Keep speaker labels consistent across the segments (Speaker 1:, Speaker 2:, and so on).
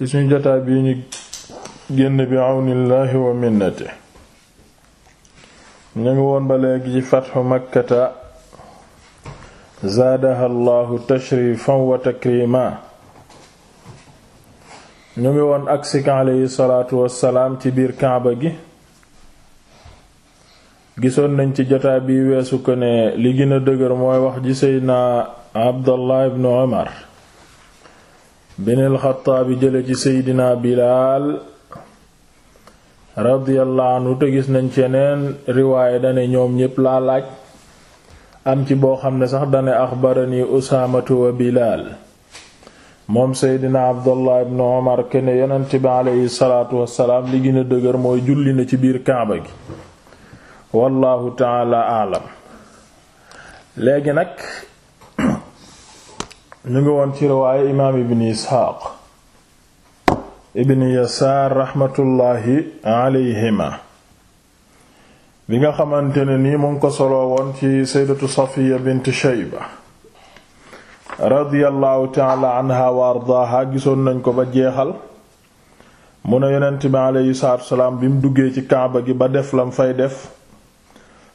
Speaker 1: ci suñu jotaay bii ñu génn bi àwnillaahi wa minnati ñu ngi woon ba léegi ci fatxu makkata zaadaha allahu tashrifan wa takrima ñu ngi woon agsi ka aleyhi salaatu wassalaam ci biir kaaba gi gisoon nañ ci jotaay bi weesu ko ne li gën a dëgër mooy wax ji seydna abdallah ibnu omar bin alxataabi jële ci seydina bilaal radiyallahu anhu te gis nañ ci yeneen riwaaye dane ñoom ñépp laa laaj am ci boo xam ne sax dane axbarani usaamatu wa bilaal moom seydina abdullah ibn omar kene yonent bi aleyhi salaatu wassalaam li gën dëgër mooy julli na ci biir kaaba gi wallahu taala aalam léegi nag ñu ngi woon ci riwaaye imaam ibn isxaaq ibn yasaar raxmatullaahi bi nga xamante ne nii mu ngi ko soloo woon ci saydatu safiya bint shayba radiyallahu taala anha wa ardaaha gisoon nañ ko ba jeexal mu ne yonent bi aleyhi salaatu wasalaam bi mu duggee ci kaaba gi ba def lam fay def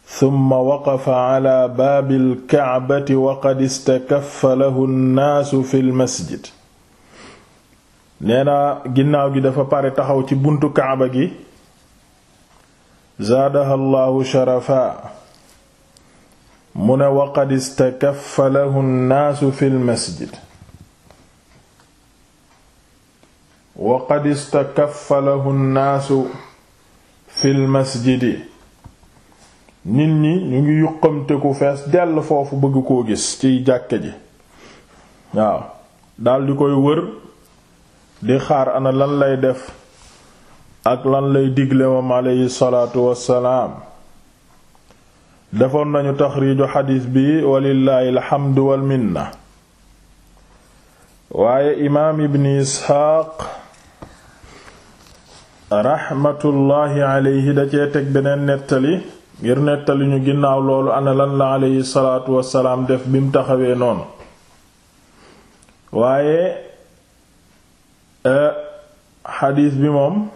Speaker 1: summa waqafa ala baabil kacbati waqad istakaffa lahu nnaasu fil masjid nee na ginnaaw gi dafa pare taxaw ci buntu kacba gi zaadaha llaahu sharafa mu ne waqad istakaffa lahu nnaasu fil masjid waqad istakaffa lahu nnaasu fil masjidi nit ñi ñu ngi yuqamte ku fees dell foofu bëgg koo gis ci jàkke ji waaw daldi koy wër di xaar ana lan lay def ak lan lay digle moom aleyhi salaatu wassalaam defoon nañu taxriiju xadiis bi walillaahi alxamdu walminna waaye imaam ibni isxaaq raxmatullaahi aleyhi da cee teg beneen nettali ngir nettali ñu ginnaaw loolu ana lan la aleyhi salaatu wasalaam def bi mu taxawee noonu waaye e, xadiis bi moom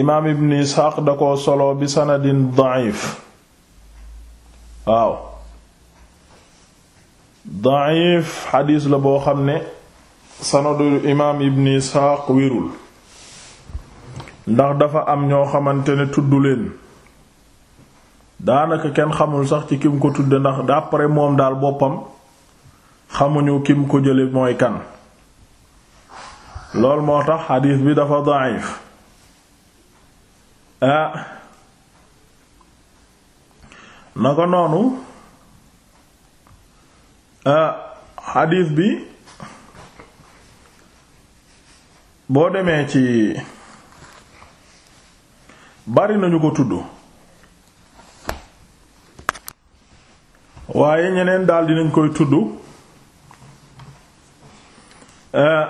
Speaker 1: imaam ibn isxaaq da ko solo bi sanadin dayif waaw dayif xadiis la boo xam ne sanadu imaam ibn isxaaq wérul ndax dafa am ñoo xamante ne tudd leen daanaka kenn xamul sax ci kim ko tudde ndax d'après moom daal boppam xamuñu kim ko jële mooy kan loolu moo tax xadiis bi dafa da'if ah na ko noonu ah xadiis bi boo demee ci bari nañu ko tudd waaye ñeneen daal nañ koy tudd eh,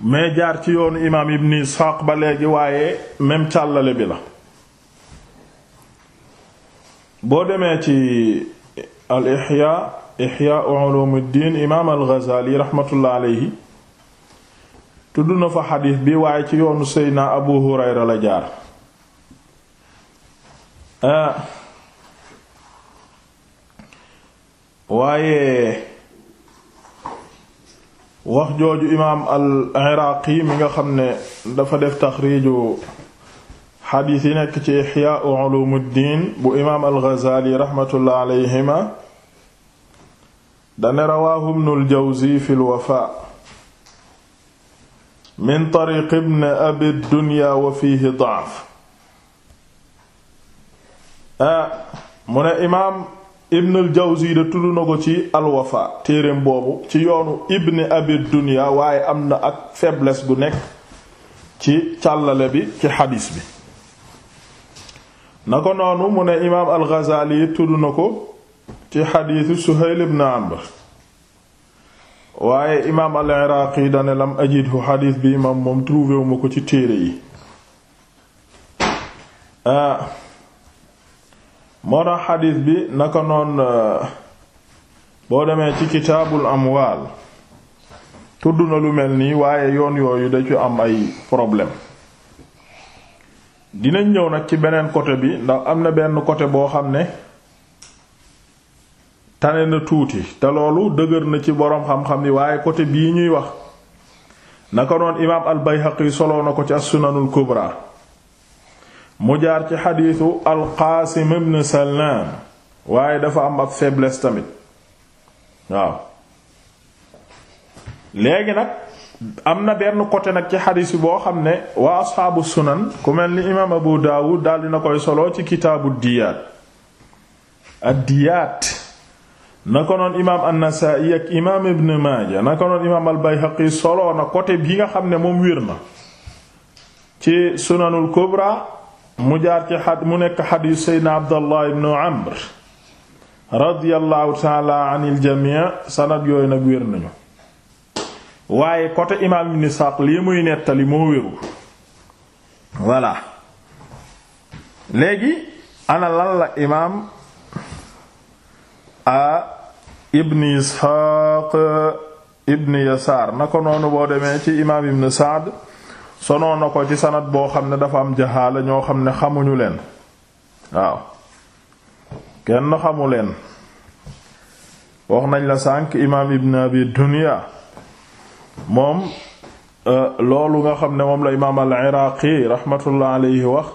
Speaker 1: mais jaar ci yoonu imaam Ibn Ishaq ba léegi waaye même càllale bi la boo demee ci al Ihya Ihya ulumuddin imaam al Ghazali rahmatullah alayhi tudd na fa xadiis bi waaye ci yoonu Seydina Abu Hurayra la jaar ah. waaye wax jooju imaam al-Iraaqi mi nga xam ne dafa def taxriiju xadiis yi nekk ci Ihyaa Ulumuddin bu imaam al-Ghazali raxmatullah alayhima dane rawaahu Ibnul Jawzi fil Wafaa min tariq ibn abi dunya wa fiihi da'f ah, mu ne imaam ibn al jawzi da tudd na ko ci alwafa téereem boobu ci yoonu ibn abi dunya waaye am na ak faiblesse gu nekk ci càllale bi ci xadiis bi na ko noonu mu ne imaam al ghazali tudd na ko ci xadiisu suhayl ibn amr waaye imaam al-Iraaqi dane lam ajidhu xadiis bi imaam moom trouvé wu ma ko ci téere yi ah, moo tax xadiis bi naka noon ah, boo demee ci kitaabul amwaal tudd na lu mel nii waaye yoon yooyu da ci am ay problème dinañ ñëw nag ci beneen côté bi ndax am na benn côté boo xam ne tane na tuuti te loolu dëgër na ci boroom xam-xam yi waaye côté bii ñuy wax naka noon imaam al-Bayhaqi soloo na ko ci as-Sunanul Kubra mu jaar ci xadiisu al-Qaasim ibn Salaam waaye dafa am ab faiblesse tamit waaw léegi nag am na benn côté nag ci xadiis bi boo xam ne waa asxaabu sunan ku mel ni imaam Abu Daawud daal na koy soloo ci kitaabu diyaat ad-diyaat naka noonu imaam an ak imaam Ibn Maaja naka noonu imaam al-Bayhaqi solo na côté bi nga xam ne moom wér na ci sunanul kubra mu jaar ci xad mu nekk xadiis Seydina Abdallah ibn Amr radiyallahu taala anil jamii sanad yooyu nag wér nañu waaye côté imaam Ibn Isxaaq lii muy nettali moo wérul voilà léegi ana lan la imaam a ibni isxaaq ibni yasaar na ko noonu boo demee ci imaam ibn saad sonoon na ko ci sanad boo xam ne dafa am jaxaala ñoo xam ne xamuñu leen waaw kenn xamu leen wax nañ la sànk imaam ibn abi dunya moom euh, loolu nga xam ne moom la imaam al iraaqi raxmatullah alayhi wax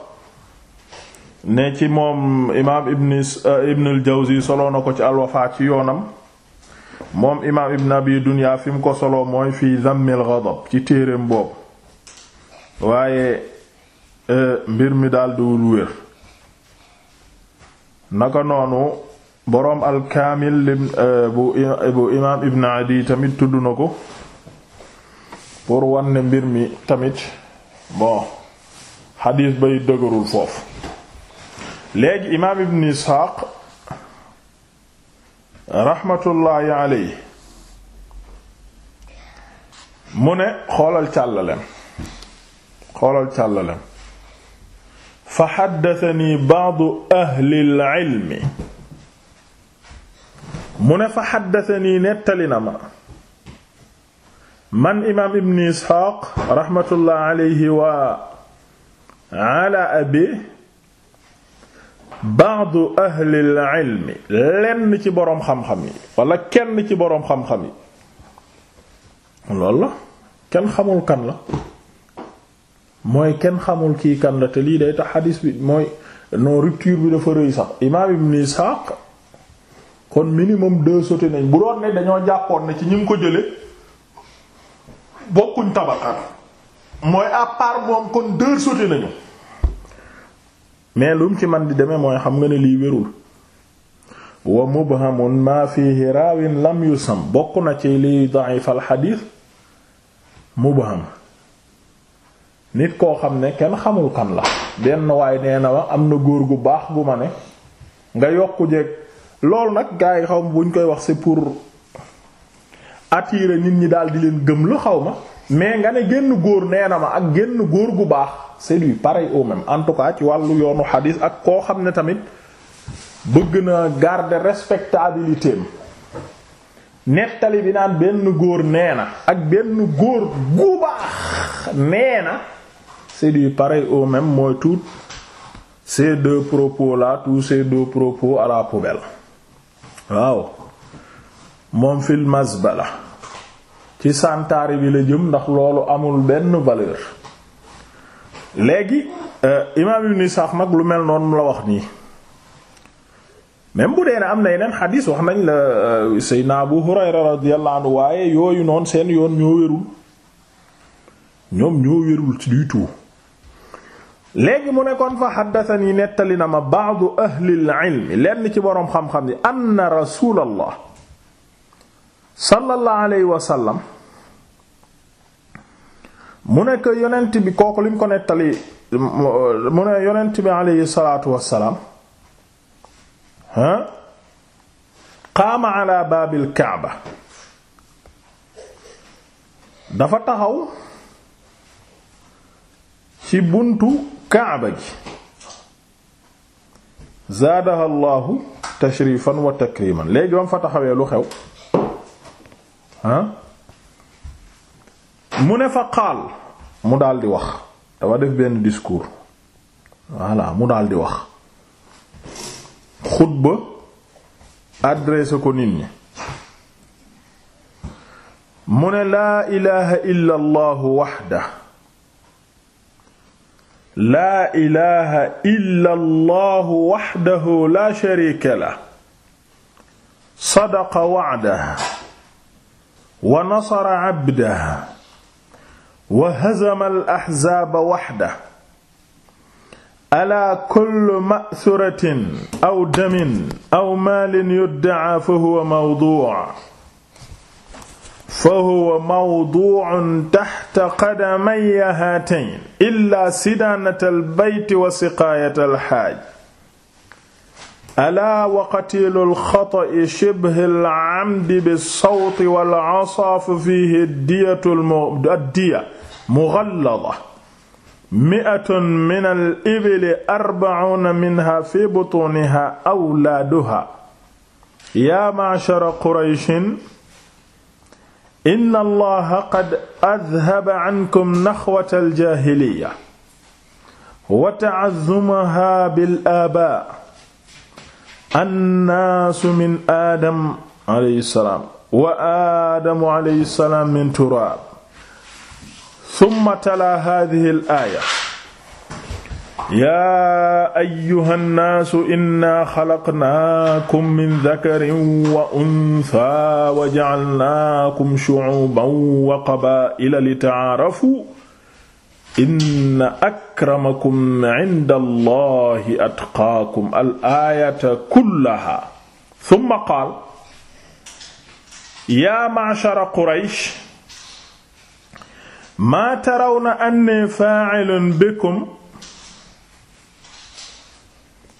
Speaker 1: ne ci moom imaam ibn euh, ibn soloo na ko ci al ci yoonam moom imaam ibn abi dunya fi ko soloo mooy fi dhammil ghadab ci téereem boobu waaye euh, mbir mi daal diwul wér naka noonu boroom al-Kaamil euh, bu imaam ibn Adi tamit tudd na ko pour wan mbir mi tamit bon xadiis bay dëgërul foofu léegi imaam ibn isxaaq raxmatullaahi alayhi mu ne xoolal càllalem xoolal càllalem fa xaddatani baadu ahlil ilmi mu ne fa xaddatani nettali na ma man imaam ibn isxaaq raxmatullaahi alayhi wa ala abi baadu ahlil ilmi lenn ci boroom xam-xam yi wala kenn ci boroom xam-xam yi loolu la kenn xamul kan la mooy kenn xamul kii kan la te lii day tax xadiis bi mooy non rupture bi dafa rëy sax imaam ibn Isaaq kon minimum deux soti nañ bu doon ne dañoo jàppoon na ci ñu ngi ko jële bokkuñ tabaqat mooy à moom kon deux sauté nañu mais lu ci man di demee mooy xam nga ne lii wérul wa mubhamun ma fihi raawin lam sam bokk na ci liy da'if al xadiis mubham nit koo xam ne kenn xamul kan la benn waay nee na ma am na góor gu baax gu ma ne nga yokk jeeg loolu nag gaa yi xaw ma buñ koy wax si pour attirer nit ñi daal di leen gëm lu xaw ma mais nga ne génn góor nee na ma ak génn góor gu baax c'est du pareil au même en tout cas ci wàllu yoonu xadiis ak koo xam ne tamit bëgg na garder respectabilité am nettali bi naan benn góor nee na ak benn góor gu baax nee na c'est du pareil au même mooy tout ces deux propos là tous ces deux propos à la waaw moom fil masbala ci santaare bi la jëm ndax loolu amul benn valeur léegi euh, imaam ibn Isaaq nag lu mel noonu mu la wax nii même bu dee ne am na yeneen xadiis wax nañ la euh, Seydina Abu Hurayra radiyallahu anhu waaye yooyu noonu seen yoon ñoo wérul ñoom ñoo wérul ci du tout léegi mu nekkoon fa xaddatani nettali na ma ba'du ahlil ilmi lenn ci boroom xam-xam yi anna rasulallah sallallahu alayhi wa sallam mu nekk yonent bi kooku lim ko nettali mu ne yonent bi alayhi salaatu wassalaam ha qaama ala baabil kaaba dafa taxaw ci buntu kaaba gi zaadaha allahu tashrifan wa takriman léegi ba mu fa taxawee lu xew ah mu ne fa qaal mu daldi wax dafa def benn discours voilà mu daldi wax xutba adressé ko nit ñi mu ne laa ilaha illa allahu waxda laa ilaha illa allahu waxdahu la sharika sadaqa wa'dahu wa nasara abdah wa hazama al-ahzaaba wahdah alaa kullu ma'thuratin aw damin aw maalin yudda'a fa huwa mawdu'un fa huwa mawdu'un tahta qadamayya haatayn illaa sidaanata al-bayt wa siqaayata al-haaj alaa wa qatiilul xata'i shibhil amdi bis-sawti wal asaafu fiihi diyatul addiya mughallada mi'atun minal ibili arba'uuna minhaa fii butuunihaa awlaaduhaa. yaa ma'shara qurayshin inna allaha qad adhaba cankum naxwatal jaahiliyya wa ta'azzumahaa bil aabaa' annaasu min aadam alayhi salaam wa aadamu alayhi salaam min turaab summa tala haadihi al-aaya yaa ayyuha nnaasu innaa xalaqnaakum min dakarin wa unsaa wa ja'alnaakum shu'uuban wa qabaa'ila li ta'aarafuu inna akramakum inda allahi atqaakum al aayata kullaha summa qaal yaa ma'shara quraysh maa tarawna anni faa'ilun bikum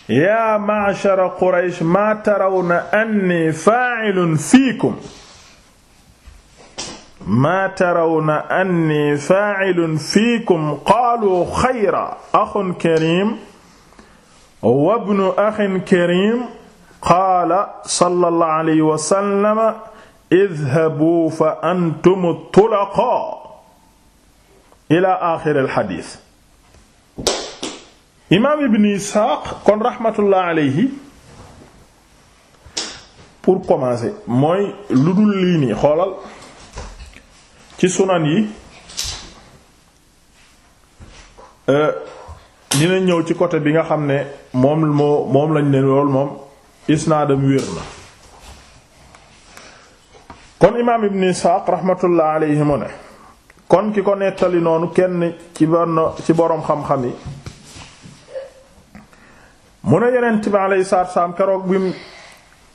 Speaker 1: yaa ma'shara quraysh maa tarawna anni faa'ilun fiikum maa tarawna anni faa'ilun fiikum qaalu xayra axun karim wa bnu axin karim qaala sallallahu alayhi wa sallam idhabuu fa antum tulaqaa ila axiri alxadiis imaam ibn Isxaaq kon raxmatullah alayhi pour commencer mooy lu dul lii nii xoolal ci sunan yi euh, dina ñëw ci côté bi nga xam ne moom moo moom lañ ne lool moom isnaadam wér na kon imaam ibn isxaaq raxmatullah alayhi mu kon ki ko nettali noonu kenn ci boroom xam-xam yi mu ne yonent bi alayhi salaatu salaam keroog bi mu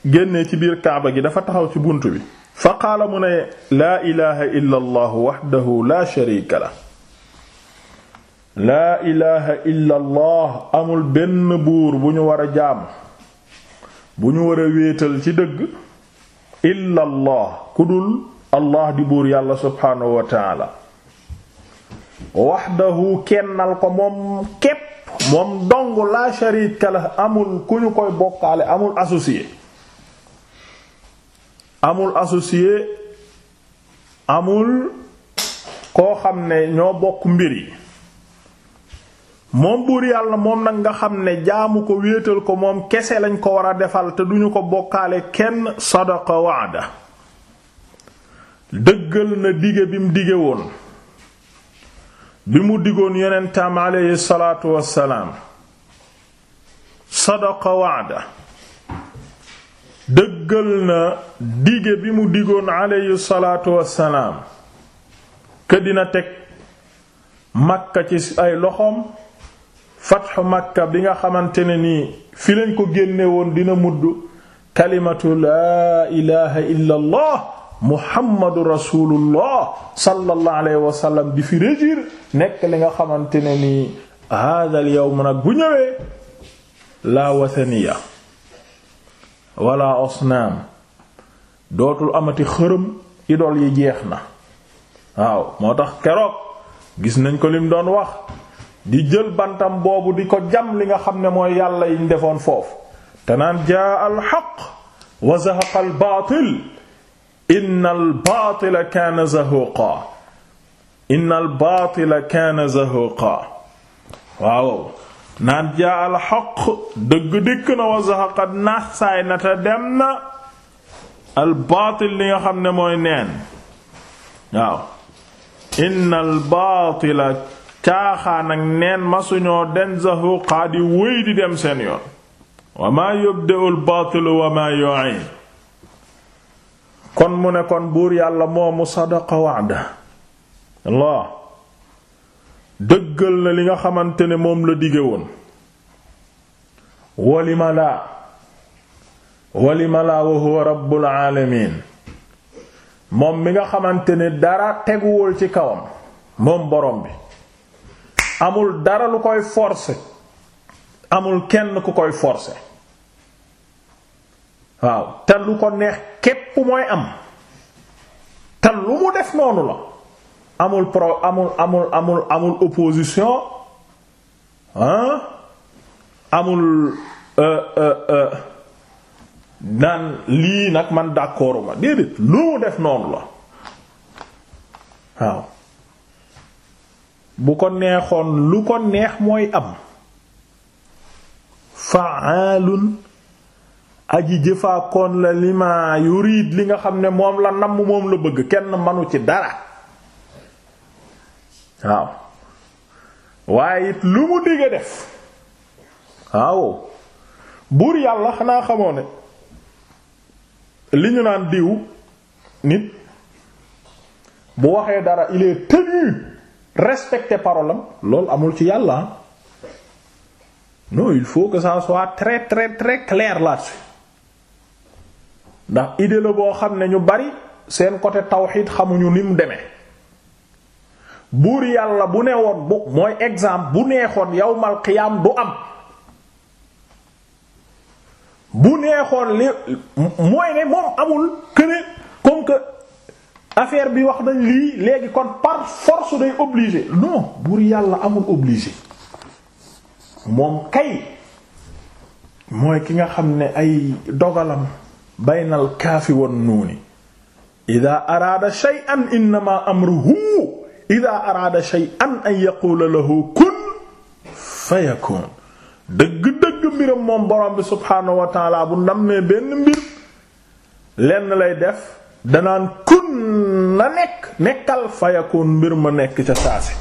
Speaker 1: génnee ci biir kaaba gi dafa taxaw ci bunt bi fa qaala mu ne laa ilaha illa allahu waxdahu sharika la laa ilaha illa amul benn buur bu ñu war a jaamu bu ñu war a wéetal ci dëgg illa ku dul allah di buur yàlla subhaanahu wa taala kennal ko moom képp moom dong laa sharika la amul ku ñu koy bokkaale amul associé amul associé amul koo xam ne ñoo bokk mbir yi moom buur yàlla moom nag nga xam ne jaamu ko wéetal ko moom kese lañ ko war a defal te duñu ko bokkaale kenn sadaqa waada dëggal na dige bi mu dige woon bi mu digoon yonentam aleyhi salaatu wassalaam sadaqa waada dëggal na dige bi mu digoon aleyhi salaatu wassalaam ke dina teg makka ci ay loxoom fatxu makka bi nga xamante ne nii fi lañ ko génne woon dina mudd kalimatu laa ilaha illa allah muhammadu rasulullah sallallahu alayhi wa sallam di fi régir nekk li nga xamante ne nii haadal yawm nag bu ñëwee la wathaniya wala osnaam dootul amati xërëm idol yi jeex na waaw moo tax keroog gis nañ ko lim doon wax di jël bantam boobu di ko jam li nga xam ne mooy yàlla yiñ defoon foofu te naan jaa alxaq wa zahaqa al baatil inna kaana zahuqa inna al kaana zahuqa waaw naan jaa alxaq dëgg dikk na wa zaxaqat naax saay na te dem na albaatil li nga xam ne mooy neen waaw inna albaatila caaxaan ak neen masuñoo den zahuqaa di wéy di dem seen yoon wa maa yubda'u albaatilu wa maa yu'id kon mu ne kon buur yàlla moomu sadaqa wa'da Allah dëggal na li nga xamante ne moom la dige woon walima laa walima laa wa huwa rabbul alamin moom mi nga xamante ne dara teguwul ci kawam moom borom bi amul dara lu koy forse amul kenn ku koy forcer waaw te lu ko neex képp mooy am te lu mu def noonu la amul pro amul amul amul amul opposition amul euh, euh, euh, naan lii nag man d'accord ma déedéet lu mu def noonu la waaw bu ko neexoon lu ko neex mooy am fa'alun aji jëfaakoon la lima yurid li nga xam ne moom la namm moom la bëgg kenn manu ci dara waaw waaye it lu mu digg def waaw buur yàlla xanaa xamoo ne li ñu naan diw nit bu waxee dara il est tenu respecter parole loolu amul ci yàlla non il faut que sa soit très très très clair là-dessus ndax idée boo xam ne ñu bari seen côté tawhid xamuñu ni mu demee buur yàlla bu ne bu mooy exemple bu neexoon yawmal qiyaam du am bu neexoon li mooy ne moom amul këne comme que affaire bi wax nañ lii léegi kon par force day obligé non buur yàlla amul obligé moom kay mooy ki nga xam ne ay dogalam baynal kaafi wan nuuni ida araada shay'an innama amruhu idaa araada shay'an an yaqula lahu kun fayakun dëgg-dëgg mbiram moom borom bi subhaanahu wa taala bu nammee benn mbir lenn lay def danaan kun na nekk nekkal fayakun mbir ma nekk ca saasi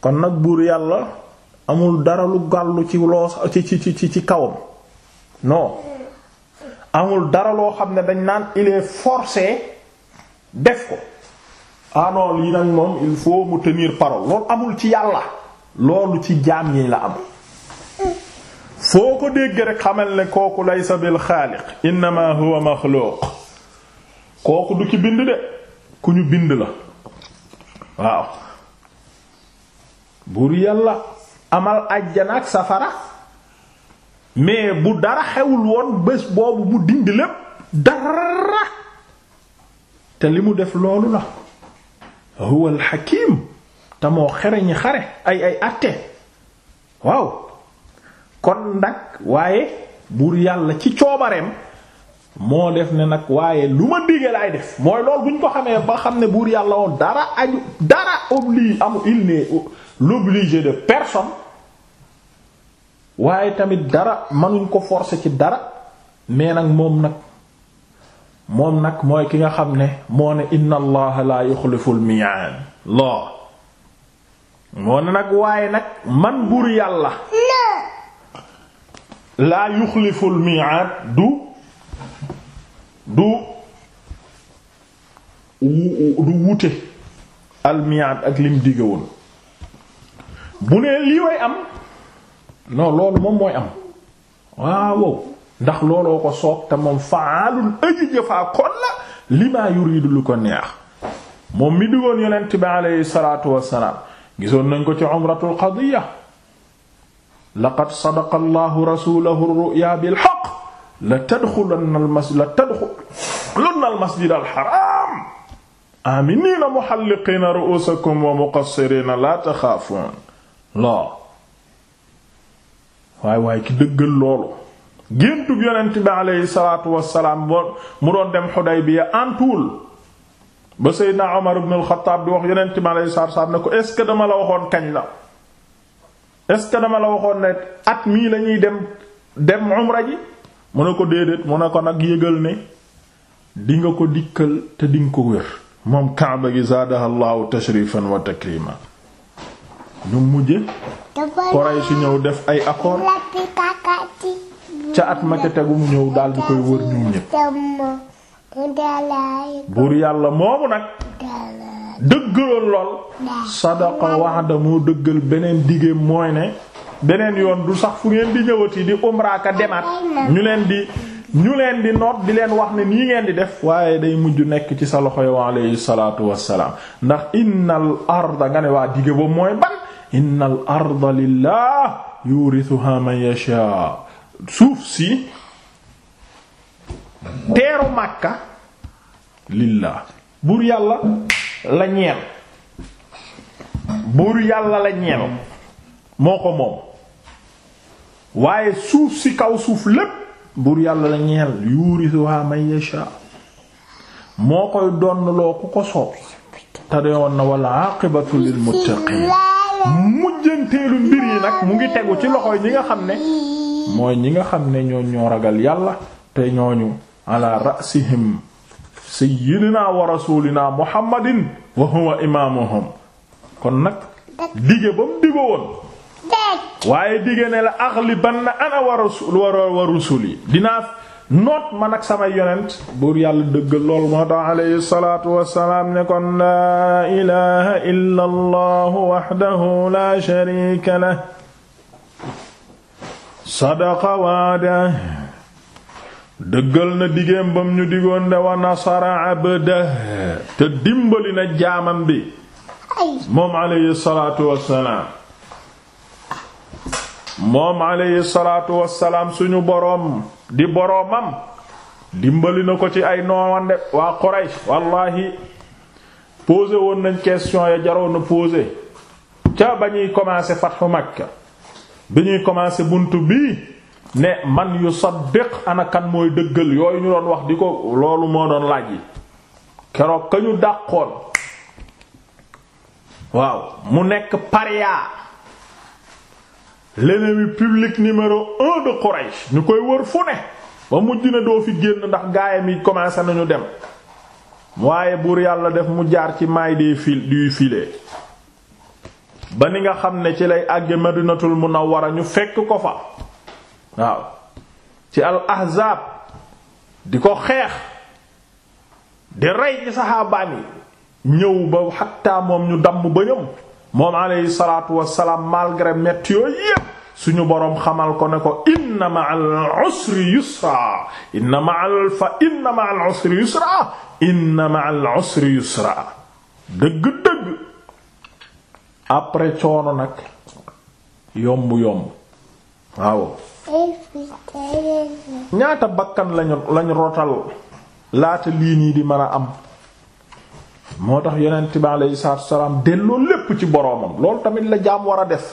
Speaker 1: kon nag buur yàlla amul dara lu gàllu ci loos ci ci ci ci kawam non amul dara loo xam ne dañ naan il est def ko ah yi nag moom il faut mu tenir parole loolu amul ci yàlla loolu ci jaam ñi la am. foo ko dégg rek xamal ne kooku laysa bil xaaliq innama huwa maxluuq kooku du ci bind de ku ñu bind la waaw buur yàlla amal àjjana ak safara mais bu dara xewul woon bés boobu mu dindi lépp dara te li mu def loolu la huwa alxakim te moo xereñi xare ay ay atte waaw kon nag waaye buur yàlla ci coobareem moo def ne nag waaye lu ma digee laay def mooy lool bu ñu ko xamee ba xam ne buur yàlla woon dara aju dara oblige amu il n'est l'obligé de personne waaye tamit dara mënuñ ko forcer ci dara mais nag moom nag moom nag mooy ki nga xam ne moo ne inna allaha la yuxliful mi'ad loo moo ne nag waaye nag man buur yàlla laa yuxliful mi'ad du du du wute al ak lim digge woon bu nee lii way am non loolu moom mooy am waaw ndax looloo ko soog te moom faalul aji jëfaa kon lima yuridu lu ko neex moom mi digoon yonent bi aleyhi salaatu wassalaam gisoon nañ ko ci umratul qadiya laqad la tadxulunna al masjid la tadxulunna al masjid al haram aminiina muhalliqiina wa muqassiriina la taxaafuun la waay waay ki dëggal loolu géntub yonent bi aleyhi salaatu wassalaam mu doon dem Xudaybiya antuwul ba Seydina Omar ibn al-Khattab di wax yonent bi aleyhi salaatu wassalaam ne ko est ce que dama la waxoon kañ la est ce que dama la waxoon ne at mii lañuy dem dem umra ji mu ne ko déedéet mu ne ko nag yëgal ne di nga ko dikkal te di ko wér moom Kaaba gi zaadaha Allahu tashrifan wa takrima ñu mujje Quraysh ñëw def ay accord ca at ma ca tegu mu ñëw daal di koy buur yàlla moomu nag dëggaloon lool sadaqa wa'da moo dëggal beneen dige mooy ne beneen yoon du sax fu ngeen di ñëwati di umraaka demaat ñu leen di ñu leen di noot di leen wax ne nii ngeen di def waaye day mujj nekk ci sa loxo yow alayhi salaatu wassalaam ndax innal arda nga ne waa dige boobu mooy ban innal arda lillah yurithuha man yasha suuf si teeru Makka lillaa buur yàlla la ñeel buur yàlla la ñeel moo ko moom waaye suuf si kaw suuf lépp buur yàlla la ñeel yurisuha man yasha moo koy donn loo ku ko soob te na wala aqibatu lil muttaqin mujjanteelu mbir yi nag mu ngi tegu ci loxoy ñi nga xam ne mooy ñi nga xam ne ñoo ñoo ragal yàlla te ñooñu ala rasihim sayyidina wa rasulina muhammadin wa huwa imaamuhum kon nag dige ba mu digo woon waaye dige ne la aghlibanna ana wa rasul wa rusuli dinaa noot man ak sama yonent buur yàlla dëggal lool moo tax alayhi salaatu wassalaam ne kon laa ilaha illa allah wahdahu la sadaqa waada dëggal na digéem bam ñu digoon de wa nasara te dimbali na jaamam bi moom alayhi salaatu wassalaam moom alayhi salaatu wassalaam suñu boroom di boroomam dimbali na ko ci ay noowande waa Quraysh wallaahi posé woon nañ question ya jaroon na posé ca ba ñuy commencé fathu bi ñuy commencé bunt bii ne man yu béq anakan mooy dëggal yooyu ñu doon wax di ko loolu moo doon laaj yi keroog ka ñu dàqoon waaw mu nekk paria leneen public numéro un de Quraish ñu koy wër fu ne ba mujj na doo fi génn ndax gaayam yi commencé nañu dem waaye buur yàlla def mu jaar ci may des fil du filet ba ni nga xam ne ci lay àgge madinatul wara ñu fekk ko fa waaw ci al ahzaab di ko xeex di rey ci saxaabaan yi ñëw ba xattaa moom ñu damm ba ñëm moom aleyhi salaatu wassalaam malgré metti yépp suñu boroom xamal ko ne ko inna ma'al usri yusra inna ma'al fa inna ma'al usri yusra yusra dëgg-dëgg après coono nag yomb yomb waaw ñaata bakkan lañu lañu rotal laata lii nii di mën a am moo tax yeneen bi aleyhi salaatu wa salaam delloo lépp ci boroomam loolu tamit la jaam war a def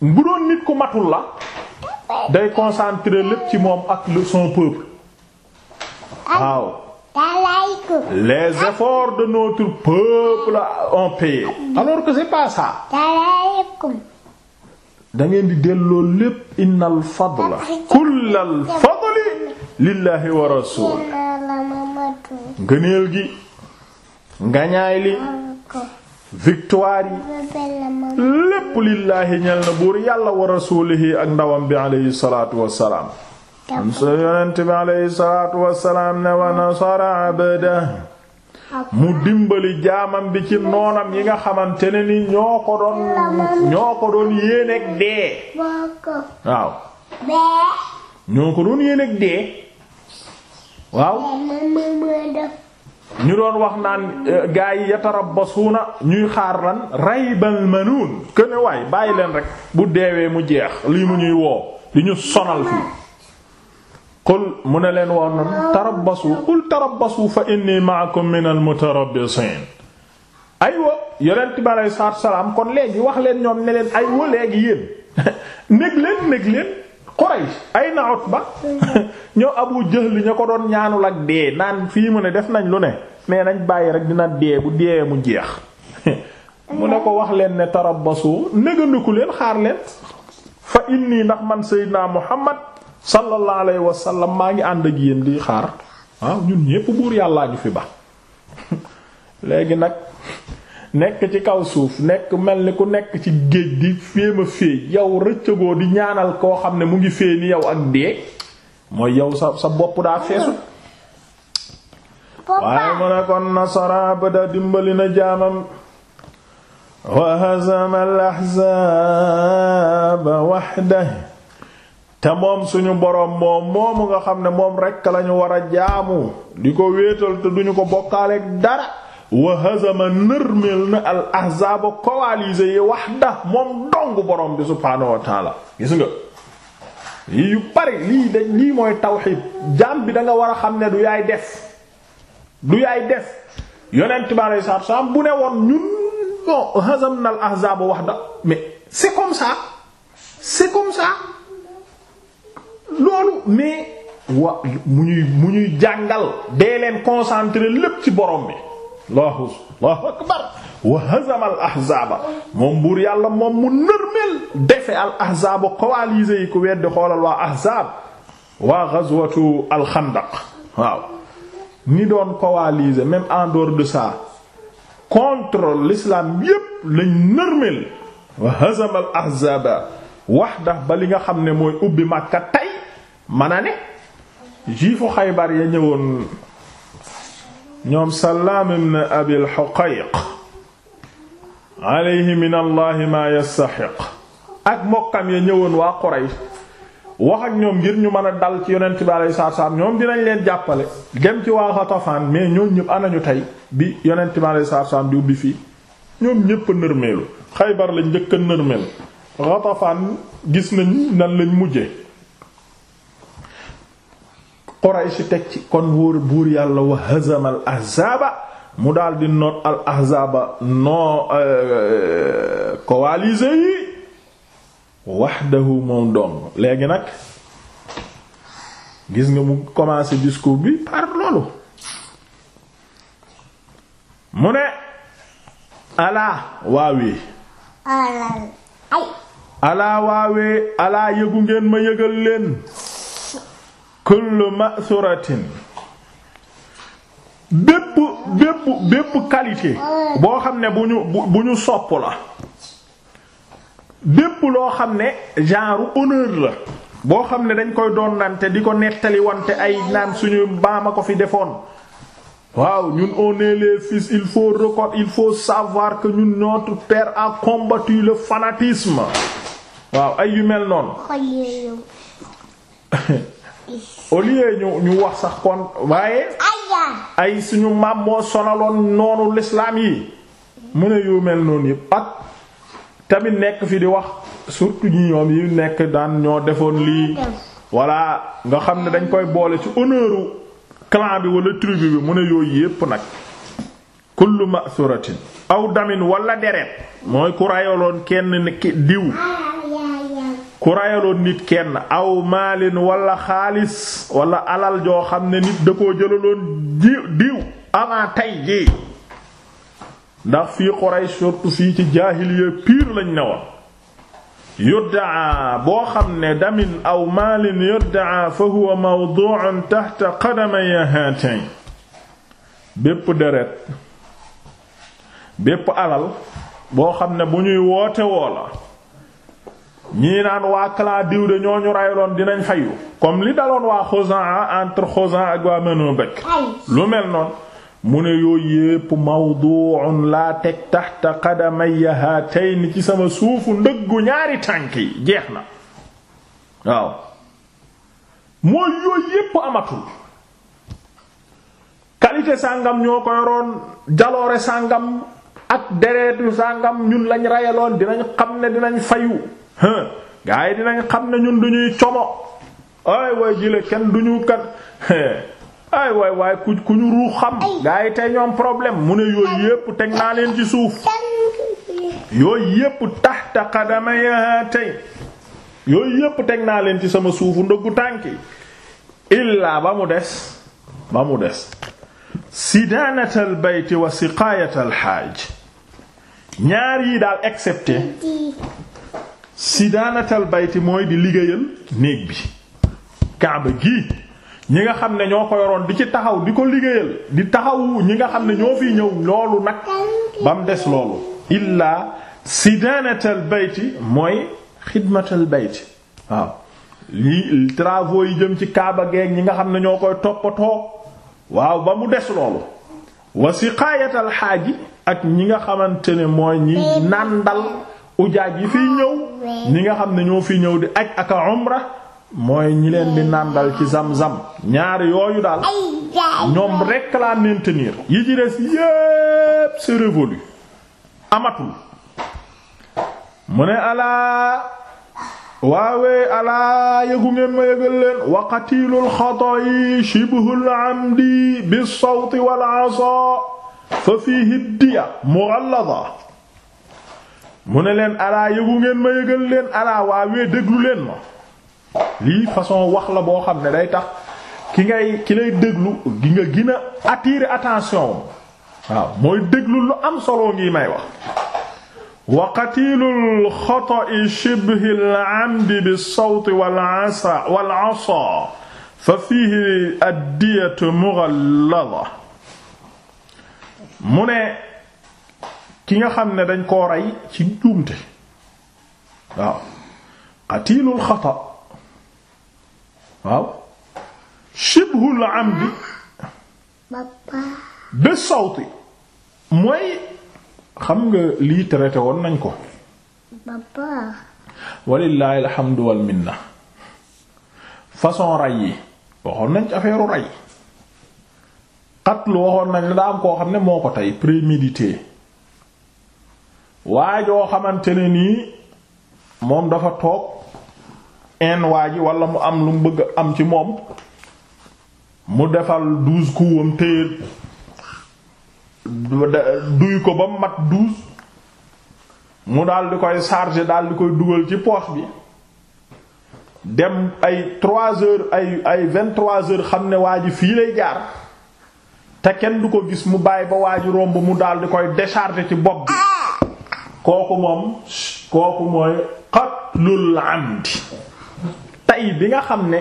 Speaker 1: bu doon nit ku matul la day concentrer lépp ci moom ak le son peuple waaw les efforts de di delloo lépp innal fadla kullal fadli lillahi wa rasul ngëneel gi ngañaay li yi lépp lillaahi ñel na buur yàlla wa rasulihi ak ndawam bi aleyhi salatu wassalaam am sa yonent bi aleyhi mu dimbali jaamam bi ci noonam yi nga xamante ne ni ñoo ko doon ñoo ko doon yéeneeg dee waaw ñoo ko doon yéeneeg dee waaw ñu doon wax naan eh, gaa yi yatarabbasuuna ñuy xaar lan raybal manuun këne waay bàyyi leen rek bu deewee mu jeex lii mu ñuy woo li ñu sonal fii qul mu ne leen woon tarabbasu qul tarabbasu fa inni ma'akum minal mutarabbisiin aywa yonent bi aleyhi salaatu salaam kon léegi wax leen ñoom ne leen aywa léegi yéen nég leen nég leen Quraysh ay na Utba ñoo Abu Jahl ña ko doon ñaanul ak dee naan fii mu ne def nañ lu ne mais nañ bàyyi rek dina dee bu dee mu jeex mu ne ko wax leen ne tarabbasu négandiku leen xaar leen fa inni ndax man Seydina Muhammad sallallahu alayhi wa sallam maa ngi ànd ak yéen di xaar waaw ah, ñun ñépp buur yàllaa ñu fi ba léegi nag nekk ci kaw suuf nekk mel ni ku nekk ci géej di féem a féej yow rëccëgoo di ñaanal koo xam ne mu ngi fee yaw ak dee mooy yow sa sa bopp daa feesu waaye mu ne kon nasara bada dimbali na jaamam wa hazama al ahzaba te moom suñu boroom moom moomu nga xam ne moom rekk lañu war a jaamu di ko wéetal te duñu ko bokkaaleeg dara wa hazama nërmeel na al ahzaaba coalisés yi wahda moom dong boroom bi subhaanahu wa taala gis nga lii yu bari lii da lii mooy tawxiid jaam bi danga war a xam ne du yaay def du yaay def yonent bi alayhi salaatu salaam bu ne woon ñun non hazamna al ahzaaba wahda mais c'est comme ça c'est comme loolu mais wa mu ñuy mu ñuy jàngal dee leen concentrer lépp ci borom bi allahu allahu akbar wa hazama al ahzaaba moom buur yàlla moom mu nërmeel defe al ahzaaba coalisés yi ku weddi xoolal waa ahzaab waa ghazwatu al xandaq waaw ni doon coalisé même en dehors de ça contre l'islam yépp lañ nërmeel wa hazama al ahzaaba wahda ba li nga xam ne mooy ubbi Makka tey man ne juifu Xaybar ya ñëwoon ñoom Sallaam ibn Abil Huqayq alayhi min allahi ma yastaxiq ak mbokkam ya ñëwoon waa Quraysh wax ak ñoom ngir ñu mën a dal ci yonent bi alayhi salaatu ñoom dinañ leen jàppale dem ci waa Xatafaan mais ñoom ñëpp tey bi yonent bi alayhi salaatu salaam di ubbi fii ñoom ñëpp nërmeelu Xaybar lañ njëkk a nërmeel Xatafaan gis nañ nan lañ mujje Quraysh teg kon wóor buur yàlla wa mu daal di noot al ahzaaba euh, léegi nag gis nga mu commencé discours bi par loolu mu ne alaa waawee alaa waawee alaa yëgu ngeen ma yëgal leen kullu ma'thuratin bépp bépp bépp qualité boo xam ne bu ñu bu ñu sopp la bépp loo xam ne genre honneur la boo xam ne dañ koy doon nante di ko nettali wante ay naan suñu baama ko fi defoon waaw ñun on est fils il faut reconnaître il faut savoir que ñun notre père a combattu le fanatisme waaw ay yu mel noonu au lieu ñu wax sax kon waaye ay suñu maam moo sonaloon noonu lislaam yi mu ne yu mel noonu yëpp ak tamit nekk fi di wax surtout ñi ñoom yi nekk daan ñoo defoon lii voilà nga xam ne dañ koy boole ci honneuru clan bi wala tribu bi mu ne yooyu yëpp nag kullu masuratin aw damin wala deret mooy ku rayoloon kenn ki diw ku rayaloon nit kenn aw maalin walla xaalis walla alal joo xam ne nit da koo jëlaloon diw avant tey jii ndax fii Quraysh surtout fii ci jaahiliya pire lañ ne woon yuddaa boo xam ne damin aw maalin yuddaa fa huwa mawdu'un tahta qadamaya hatain bépp deret bépp alal boo xam ne bu ñuy woote woo la ñii naan waa clan ñoo ñu rayloon dinañ fayu comme li daloon waa Xuzaa entre Xuzaa ak waa Banu Bakr lu mel noonu mu ne yooyu yépp mawdu'un laa teg tahta qadamayya haatayn ci sama suufu ndëggu ñaari tànk yi jeex na waaw mooy yooyu yépp amatul qualité sàngam ñoo ko yoroon jaloore sàngam ak dereetu sàngam ñun lañ rayaloon dinañ xam ne dinañ fayu gaa yi dinañ xam ne ñun duñuy como ay waay jile kenn duñu kat ay waay waay ku ku ñu ruux xam gaa yi tey ñoom problème mu ne yooyu yépp teg naa leen ci suuf yooyu yépp tahta qadamaya tey yooyu yépp teg naa leen ci sama suufu ndëggu tànk yi illaa ba mu des ba mu des sidaanatal bayti wa siqaayatal xaaj ñaar yi daal excepté sidaanatal bayti mooy di liggéeyal néeg bi kaaba gi ñi nga xam ne ñoo ko yoroon di ci taxaw di ko liggéeyal di taxaw ñi nga xam ne ñoo fiy ñëw loolu nag ba mu des loolu illa sidaanatal bayti mooy xidmatal bayti waaw li travaux yi jëm ci kaaba geek ñi nga xam ne ñoo koy toppatoo waaw ba mu des loolu wa siqaayatal ak ñi nga xamante ne mooy ñi nàndal ujaaj yi fiy ñëw ñi nga xam ne ñoo fiy ñëw di aj ak a umra mooy ñi leen di nàndal ci zam-zam ñaari yooyu daal ñoom rekk laa maintenir yi ci des yépp c'est amatul mu ne alaa waawee alaa yëgu ngeen ma yëgal leen wa qatilul xatayi shibhul amdi bis sawti wal asa fa fihi diya mughallada mu ne leen alaa yëgu ngeen ma yëgal leen alaa waawee déglu leen ma lii façon wax la boo xam ne day tax ki ngay ki lay déglu gi nga gën a attirer waaw mooy déglu lu am solo ngi may wax wa qatilul xata'i shibhil amdi bi sawti wal asa wal asa fa mu ne ki nga xam ne dañ koo rey ci njuumte waaw qatilul xata waaw shibhul amdi bi sawti mooy xam nga lii traité woon nañ ko walillahi alhamdu wal minna façon rey yi waxoon nañ ci affaire rey qatl waxoon nañ la daa am koo xam ne moo ko tey prémédité waaye joo xamante ne nii moom dafa toog en waa ji wala mu am lu mu bëgg am ci moom mu defal douze kuwam téye duy ko ba mat douze mu daal di koy charger daal di koy dugal ci poche bi dem ay trois heures ay ay vingt-trois heures xam ne waa ji fii lay jaar te kenn du ko gis mu bàyyi ba waa ji romb mu daal di koy décharger ci bopp bi kooku moom kooku mooy qatlul amdi tey bi nga xam ne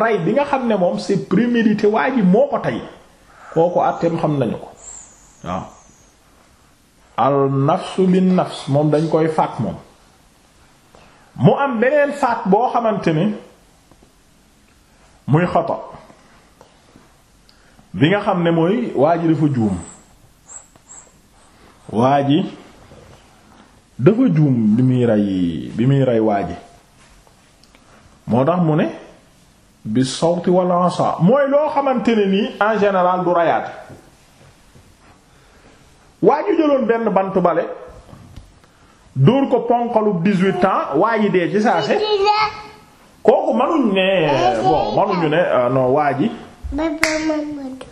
Speaker 1: ray bi nga xam ne moom c'est prémédité waa ji moo ko tey kooku àtteem xam nañu ko waaw al nafsu bin nafs moom dañ koy faat moom mu am beneen faat boo xamante ni muy xata bi nga xam ne mooy waa ji dafa juum waa ji dafa juum bi muy rey bi muy rey waa ji moo tax mu ne bi sawti wala ansa mooy loo xamante ne nii en général du rayaat waa ji jëloon benn bant bale dóor ko ponkalub dix-huit ans waa ji dee ci saase kooku manuñ ne bon manuñu ne euh, non waa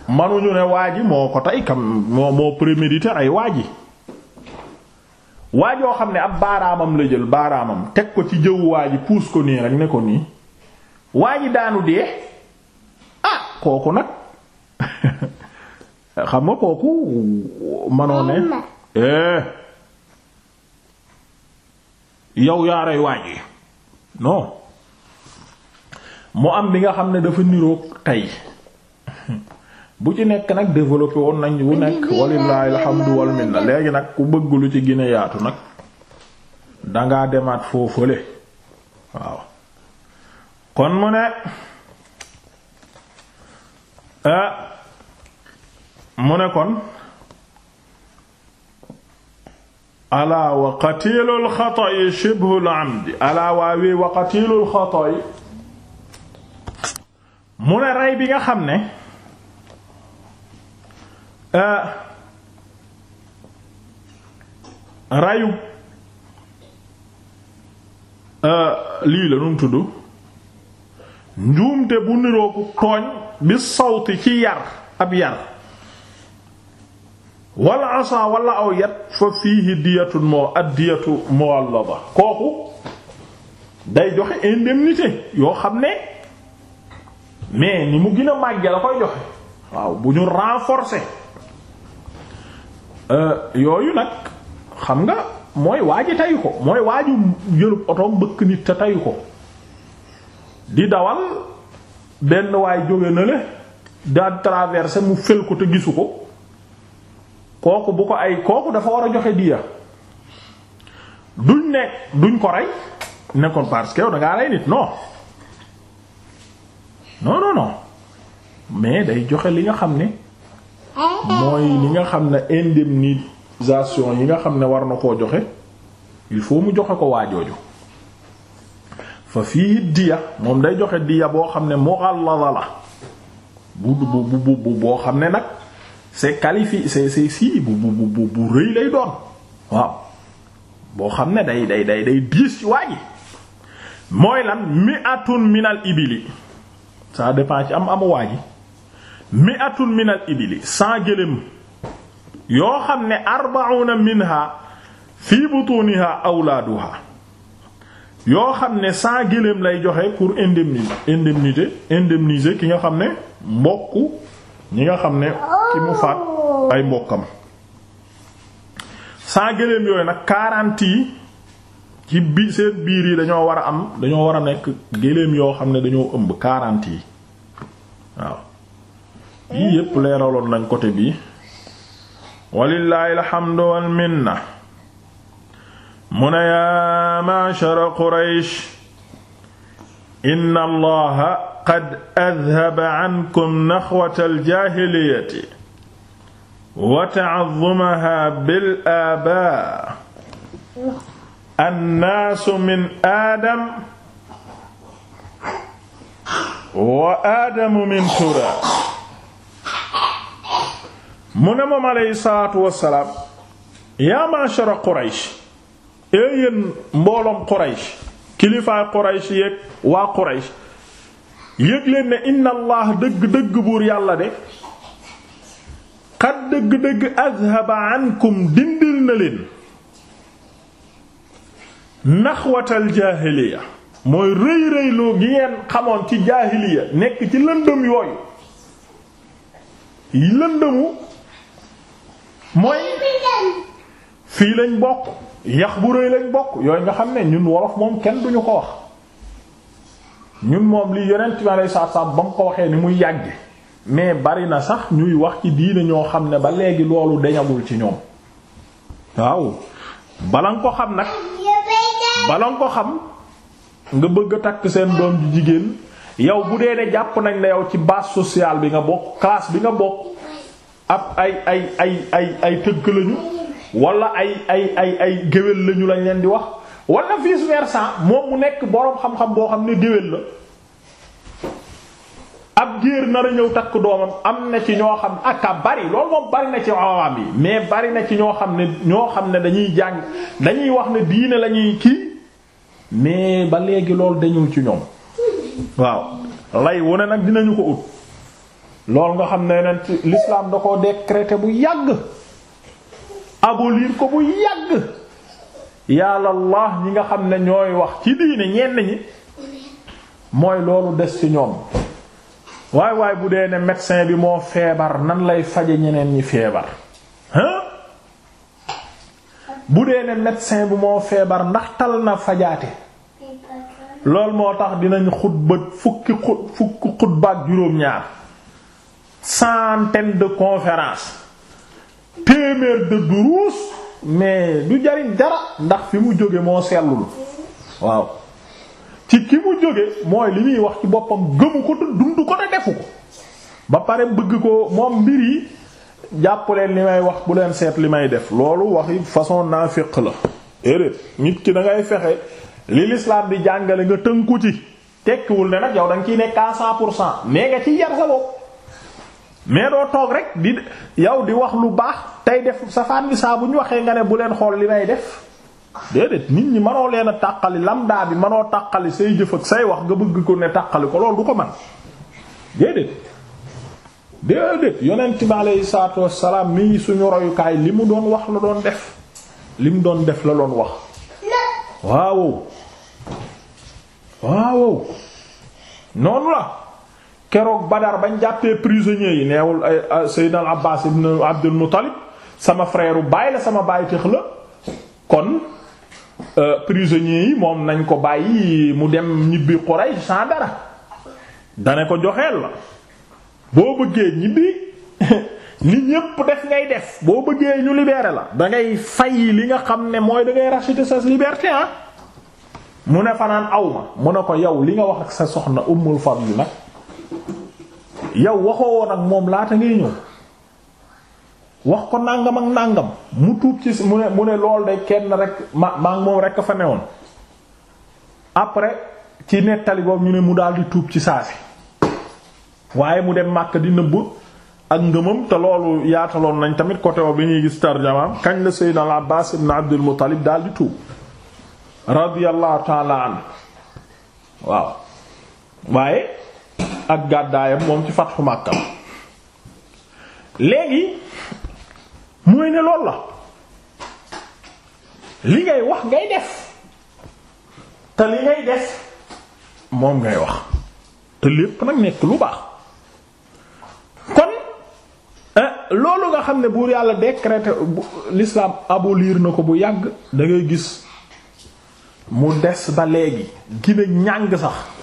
Speaker 1: manuñu ne waa ji moo ko tey kam moo moo ay waa ji waa joo xam ne ab baaraamam la jël baaraamam teg ko ci jëw waa ji puus ko nii rek ne ko nii waa ji daanu dee ah kooku nag xam nga kooku manoo ne eh. yow yaa rey waa ji non mu am bi nga xam ne dafa niroog tey bu ci nekk nag développé woon nañ wu nekk walillahi alhamdu wal léegi nag ku bëgg lu ci gën a nag dangaa demaat foofale waaw kon mu ne ah, mu ne kon alaa wa qatilul xatayi shibhul amdi alaa waawi wa mu ne rey bi nga xam ne Euh, rayu euh, lii la nu tudd njuumte bu nirooku tooñ bi sawti ci yar ab yar wala asa wala aw yat fa fiihi diyatun moo ad diyatu muwallada kooku day joxe indemnité yoo xam ne mais ni mu gën a màgge la koy joxe waaw bu ñu renforcer Euh, yooyu nag xam nga mooy waaji tayu ko mooy waaju yëlub otoom bëkk nit te tayu ko di dawal benn waay jóge na le daa traversé mu fël ko te gisu ko kooku bu ko ay kooku dafa war a joxe diya duñ ne duñ ko rey nekkoon parce que yow da rey nit non non non mais day joxe li nga xam ne mooy li nga xam ne indemnisation yi nga xam ne war na koo joxe il faut mu joxe ko waajooju fa fii diya moom day joxe diya boo xam ne mughallala la bu bu bu bu boo xam ne nag c'est kalifi c'est c'est si bu bu bu bu rëy lay doon waaw boo xam ne day day day day diis ci waa ji mooy lan mi atun minal ibili ça dépend ci am amu waa ji mi'atun min al ibili cent gëléem yoo xam ne arba'una minha fii butuniha awlaaduha yoo xam ne saa gëléem lay joxe pour indemniser indemnité indemniser ki nga xam ne mbokku ñi nga xam ne ki mu faat ay mbokkam cent gëléem yooyu nag quarante ci bi seen biir yi dañoo war a am dañoo war a nekk gëléem yoo xam ne dañoo ëmb quarante yi waaw yii yépp leeraloon nañ côté bii walillaahi alxamdu wal minna mu ne yaa ma'shara quraysh inna allaha qad adhaba ankum naxwata aljaahiliyati wa ta'azzumaha bil aabaa annaasu min aadam wa aadamu min turaab mu ne moom aleyhi salaatu wassalaam yaa ma'shara Quraysh ee mbooloom Quraysh kilifaay Quraysh yeeg waa Quraysh yëg leen ne inna dëgg dëgg buur yàlla de xat dëgg dëgg azhaba ankum dindil na leen naxwatal jaahiliya mooy rëy rëyloo gi ngeen xamoon ci jaahiliya nekk ci lëndëm yooyu lëndëmu mooy fii lañ bokk yax bu rëy lañ bokk yooyu nga xam ne ñun wolof moom kenn ñu ko wax ñun moom li yonent bi aleyhi salaatu salaam ba mu ko waxee ni muy yàgge mais bari na sax ñuy wax ci diine ñoo xam ne ba léegi loolu dañagul ci ñoom waaw bala nga ko xam nag bala nga ko xam nga bëgg a takk seen doom ju jigéen yow bu dee ne jàpp nañ la yow ci base sociale bi nga bokk classe bi nga bokk ab ay ay ay ay ay tëgg lañu wala ay ay ay ay géwél lañu lañ leen di wax wala vice versa moom mu nekk boroom xam-xam boo xam ne géwél la ab géer na a ñëw takk doomam am na ci ñoo xam ak a bari loolu moom bari na ci awaam yi mais bari na ci ñoo xam ne ñoo xam ne dañuy jàng dañuy wax ne diine lañuy ñuy kii mais ba léegi loolu dañu ci ñoom waaw lay wone nag dinañu ko ut loolu nga xam ne yeneen l'islam da koo décréter bu yàgg abolir ko bu yàgg yàlla Allah ñi nga xam ne ñooy wax ci diine ñenn ñi mooy loolu des ci ñoom waay waay bu dee ne médecin bi moo feebar nan lay faje ñeneen ñi feebar hein bu dee ne médecin bi moo feebar ndax tal na fajaate loolu moo tax dinañu xutba fukki xut fukki xutba juróom-ñaar centaine de conférences téeméer de duruus mais du jariñ dara ndax fi mu jóge moo sellul waaw ci ki mu jóge mooy li muy wax ci boppam gëmu ko te dund ko te defu ko ba pare bëgg ko moom mbir yi jàpp leen li may wax bu leen seet li may def loolu waxi façon féq la déedéet nit ki da ngay fexe li l'islam di jàngale nga tënku ci tekkiwul ne nag yow da nga ciy nekk à pour cent mais nga ci yar sa mais doo toog rek di yow di wax lu baax tey def safaan bi saa bu ñu waxee nga ne bu leen xool li may def déedéet nit ñi manoo leen a tàqali lamda bi manoo tàqali say jëf ak say wax nga bëgg ko ne tàqali ko loolu du ko man déedéet déedéet yonent bi aleyhi salaatu wassalaam mii suñu royukaay li mu doon wax la doon def li mu doon def la doon wax waaw waaw noonu la keroog Badar bañ jàppee prisonniers yi neewul Seydina al Abbas ibn Abdul Muttalib sama frère baay la sama baay tex la kon euh, prisonniers yi moom nañ ko bàyyi mu dem ñibbi Quraysh sans dara dane ko joxeel la boo bëggee ñibbi ni ñépp def ngay def boo bëggee ñu libérer la da ngay fay li nga xam ne mooy da ngay racheter sa liberté ah mu ne fanaan awma mu ne ko yow li nga wax ak sa soxna Ummul Fadl nag yow waxoo woon ak moom laata ngay ñëw wax ko nàngam ak nàngam mu tuub ci mu ne mu ne lool de kenn rek ma maa ngi moom rek fa newoon après ci nettali boobu ñu ne mu daal di tuub ci saa si waaye mu dem màkk di nëbb ak ngëmam te loolu yaataloon nañ tamit côté bi ñuy gis tarjamaam kañ la Seydina al Abbas ibn Abdul Muttalib daal di tuub radiyallahu ta'ala an waaw waaye ak gàddaayam moom ci fatxu Makka léegi mooy ne lool la li ngay wax ngay def te li ngay def moom ngay wax te lépp nag nekk lu baax kon eh, loolu nga xam ne buur yàlla de décrété l'islam abolir na ko bu yàgg da gis mu des ba léegi gine ñàng sax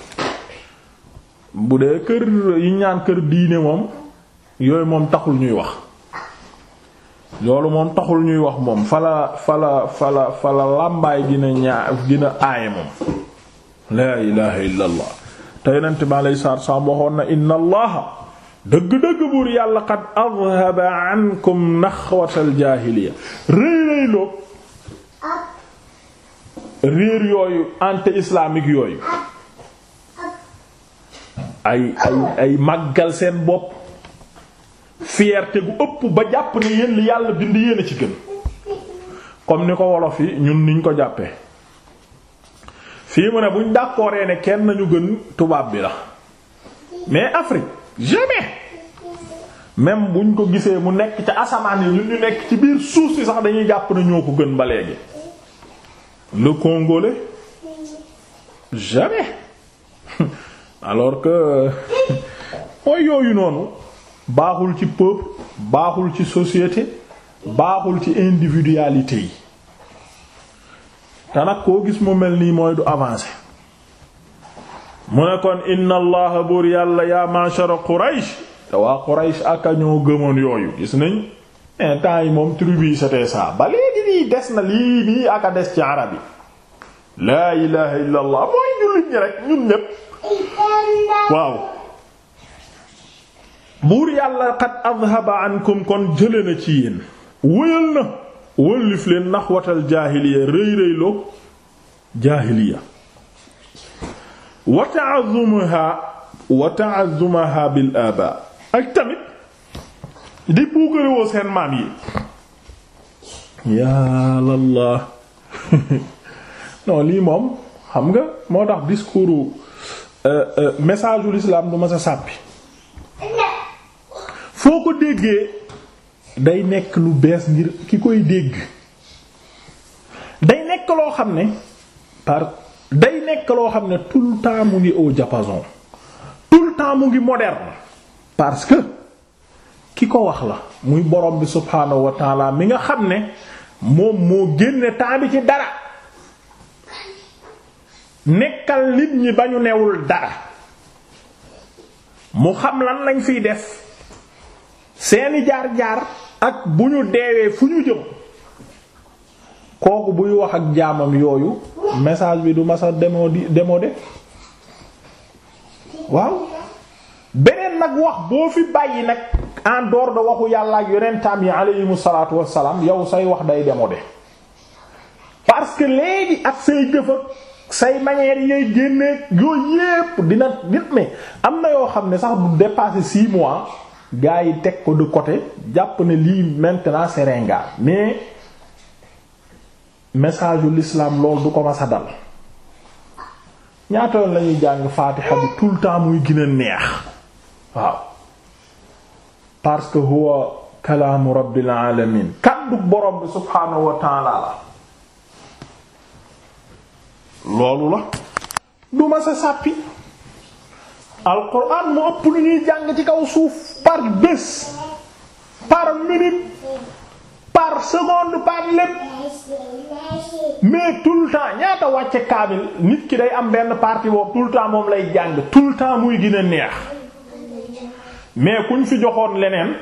Speaker 1: bu dee kër yi ñaan kër diine moom yooyu moom taxul ñuy wax loolu moom taxul ñuy wax moom fala fala fala fala làmbaay dina ñaa dina aaye moom laa ilaha illa allah te yonent bi aleyhi salaatu salaam waxoon na inna allaha dëgg-dëgg buur yàlla qad adhaba ankum naxwatal jaahiliya rëy rëy loo réer yooyu ante islamique yooyu ay ay ay màggal seen bopp fierté gu ëpp ba jàpp ne yéen li yàlla bind yéen a ci gën comme ni ko wolof yi ñun niñ ko jàppee fii mu ne buñ d'accord ne kenn nañu gën tubaab bi la mais Afrique jamais même buñ ko gisee mu nekk ca asamaan yi ñun ñu nekk ci biir suuf si sax dañuy jàpp na ñoo ko gën ba léegi le congolais jamais alors que mooy yooyu noonu baaxul ci peuple baaxul ci société baaxul ci individualité yi te nag koo gis mu mel nii mooy du avancé mu ne kon inna allaha buur yàlla yaa ma'shara Quraysh te waa Quraysh ak ñoo gëmoon yooyu gis nañ mais yi moom tribu yi c'était ça ba léegi nii des na lii nii ak a des ci arab yi laa ilaha illa mooy ñu liñ ñi rek ñun ñépp waaw buur yàlla qad adhaba ankum kon jële na ci yéen wëyal na wëllif leen naxwatal jaahiliya rëy rëyloo jaahiliya wa ta'azzumaha wa ta'azzumaha bil abaa ak tamit di puukarewoo seen maam yi yaa lallah non lii moom xam nga moo tax discours Euh, euh, message ul islam du ma sa sàppi foo ko déggee day nekk lu bees ngir ki koy dégg day nekk xam ne par day nekk loo xam ne tout le temps mu ngi au diapason tout le temps mu ngi moderne parce que ki ko wax la muy borom bi subhaanahu wa taala mi nga xam ne moom moo génne temps bi ci dara nekkal nit ñi ba ñu newul dara mu xam lan lañ fiy def seeni jaar-jaar ak bu ñu deewee fu ñu jëm kooku buy wax ak jaamam yooyu message bi du masa demoo di demoo de waaw beneen nag wax boo fi bàyyi nag en dehors de waxu yàlla ak yonentaam yi aleyhimu salaatu wassalaam yow say wax day demoo de parce que léegi ak say jëf say manière yooyu génneeg yooyu yépp dina nit am na yoo xam ne sax du dépasser six mois gars yi teg ko du côté jàpp ne lii maintenant c'est ringard mais message yu l'islam loolu du ko mas dal ñaata yoon la jàng faatiha bi tout le temps muy gën neex waaw parce que huwa kalaamu rabbil alamin kaddu borom bi subhaanahu wa loolu la du ma sa sàppi alquran mu ëpp lu ñuy jàng ci kaw suuf par bés par minute par seconde par lépp mais tout le temps ñaata wàcce kaamil nit ki day am benn partie boobu tout temps moom lay jàng tout le temps muy gën neex mais kuñ fi joxoon leneen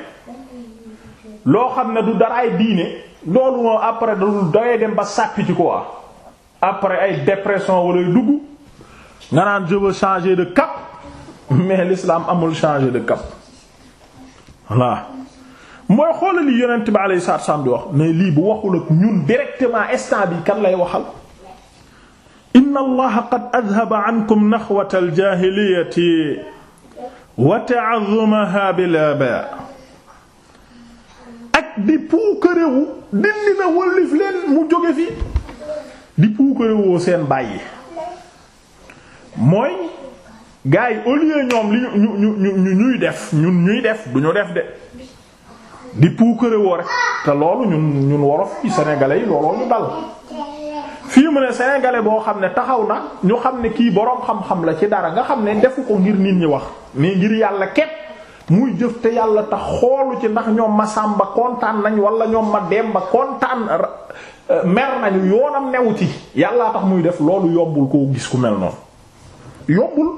Speaker 1: loo xam ne du daraay diine loolu moom après da doyee dem ba sàppi ci quoi. après ay dépression wala dugg nga naan je veux de cap mais l'islam amul changé de cap voilà mooy lii bu waxul ak ñun directement instant bi kan lay waxal inna allaha qad adhaba ankum naxwata aljaahiliyati wa ta'azzumaha bil aba ak di puukarewu dindi na wëllif leen mu jóge fi di puukarewoo seen bàyyi mooy gars yi au ñoom li ñu ñu ñu ñuy def ñun ñuy def du ñu def de di puukarewoo rek te loolu ñun ñun wolof ci sénégalais yi looloo ñu dal fii mu ne sénégalais boo xam ne taxaw na ñu xam ne kii boroom xam-xam la ci dara nga xam ne defu ko ngir nit ñi wax mais ngir yàlla kepp muy jëf te yàlla tax xoolu ci ndax ñoom ma sàmba kontaan nañ wala ñoom ma demba kontaan mer nañu yoonam newu ci yàllaa tax muy def loolu yombul ko gis ku mel noonu yombul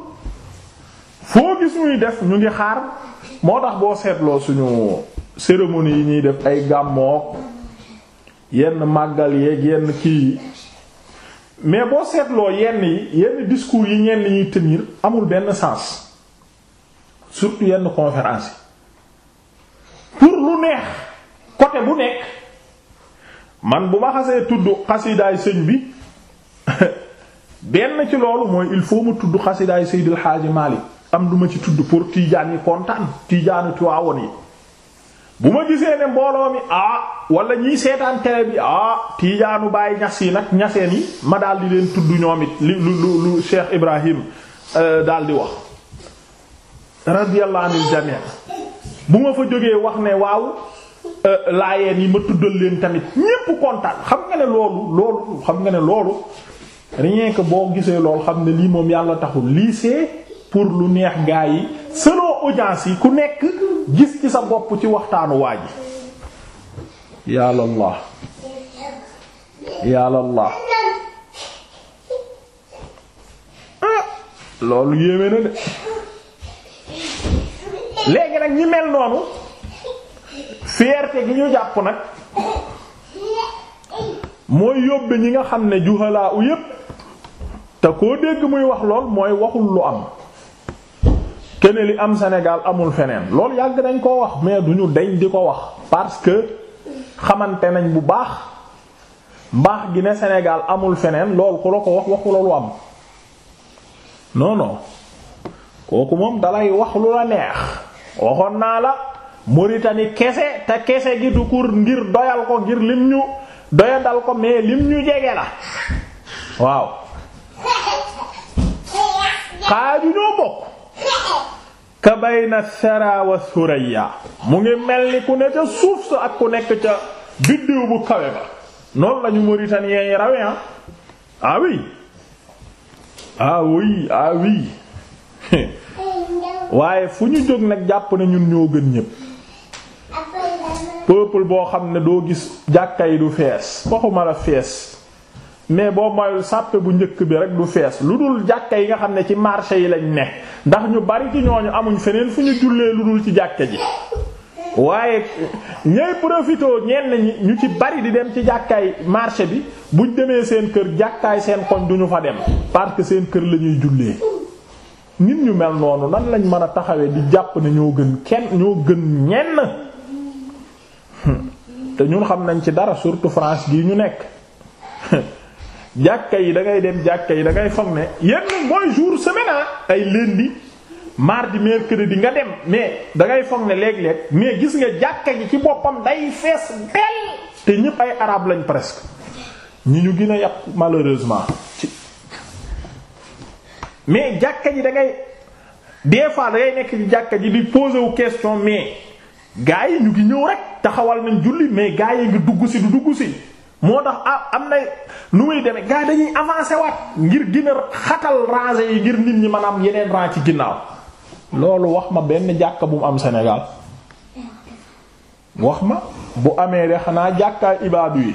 Speaker 1: foo gis muy def ñu ngi xaar moo tax boo seetloo suñu cérémonie yi ñuy def ay gàmmook yenn màggal yeeg yenn kii mais boo seetloo yenn yi yenn discours yi ñenn ñuy tenir amul benn sens surtout yenn conférence yi pour lu neex côté bu nekk man bu ma xasee tudd xasidaay sëñ bi benn ci loolu mooy il faut mu tudd xasidaay Seydil Hadji Malick am du ma ci tudd pour tiijaan yi kontaan tiijaanu Tiwaawoon yi bu ma gisee ne mbooloo mi ah wala ñiy seetaan télé bi ah tiijaanu Baay Ñas yi nag ñaseen yi ma daal di leen tudd ñoom it li lu lu lu Cheikh Ibrahim euh, daal di wax radiyallahu anil bu ma fa jógee wax ne waaw Euh, laayeen yi ma tuddal leen tamit ñépp kontaan xam nga ne loolu loolu xam nga ne loolu rien boo gisee lool xam ne lii moom yàlla taxul lii pour lu neex gaa yi selon audience yi ku nekk gis ci sa bopp ci waxtaanu waa ji yàlla Allah yàlla Allah ah, loolu yéeme na de léegi nag ñi mel noonu fierté gi ñu jàpp nag mooy yóbbe ñi nga xam ne juhalaa u yépp te koo dégg muy wax lool mooy waxul lu am kene li am Sénégal amul feneen loolu nañ koo wax mais duñu deñ di ko wax parce que xamante nañ bu baax mbaax gi ne Sénégal amul feneen loolu ku la ko wax waxu am non kooku moom dalay wax lu la neex waxoon naa la Mauritanie kese te kese gi du kur ngir doyal ko ngir lim ñu doyadal ko mais lim ñu jege la waaw xaaju ñoo bokk ka bayna sara wa suraya mu ngi mel ni ku ne ca suuf sa ak ku nekk ca biddiw bu kawe ba noonu lañu Mauritaniens yi rawe ah ah oui ah, ah waaye fu ñu jóg nag jàpp ne ñun ñoo gën ñépp peuple boo xam ne doo gis jàkka yi du fees waxuma la fees mais boo moyul sàppe bu njëkk bi rek du fees lu dul jàkka yi nga xam ne ci marché yi lañ ne ndax ñu bari ci ñooñu amuñ feneen fu ñu jullee lu dul ci jàkka ji waaye ñay profité ñenn ñu ci bari di dem ci jàkkaay marché bi buñ demee seen kër jàkkaay seen koñ duñu fa dem parce seen kër lañuy ñuy jullee nit ñu mel noonu nan lañ mën a taxawee di jàpp ne ñoo gën kenn ñoo gën ñenn te ñun xam nañ ci dara surtout France gii ñu nekk jàkka yi da ngay dem jàkka yi dangay ngay foog ne yenn mooy jour semaine ah, ay lundi mardi mercredi nga dem mais da ngay foog ne léeg-léeg mais gis nga jàkka ji ci boppam day fees del te ñëpp ay arabe lañ presque ñi ñu gën a yàpp malheureusement mais jàkka ji dangay ngay des fois da ngay nekk ci jàkka ji bi poser wu question mais. gaa yi ñu ngi ñëw rek taxawal nañ julli mais gaa yi ngi dugg si du dugg si moo tax a ah am na nu muy deme gaa yi dañuy avancer waat ngir gën a xatal rangée yi ngir nit ñi man am yeneen rang ci ginnaaw loolu wax ma benn jàkka bu mu am Sénégal wax ma bu amee de xanaa jàkkaay ibaadu yi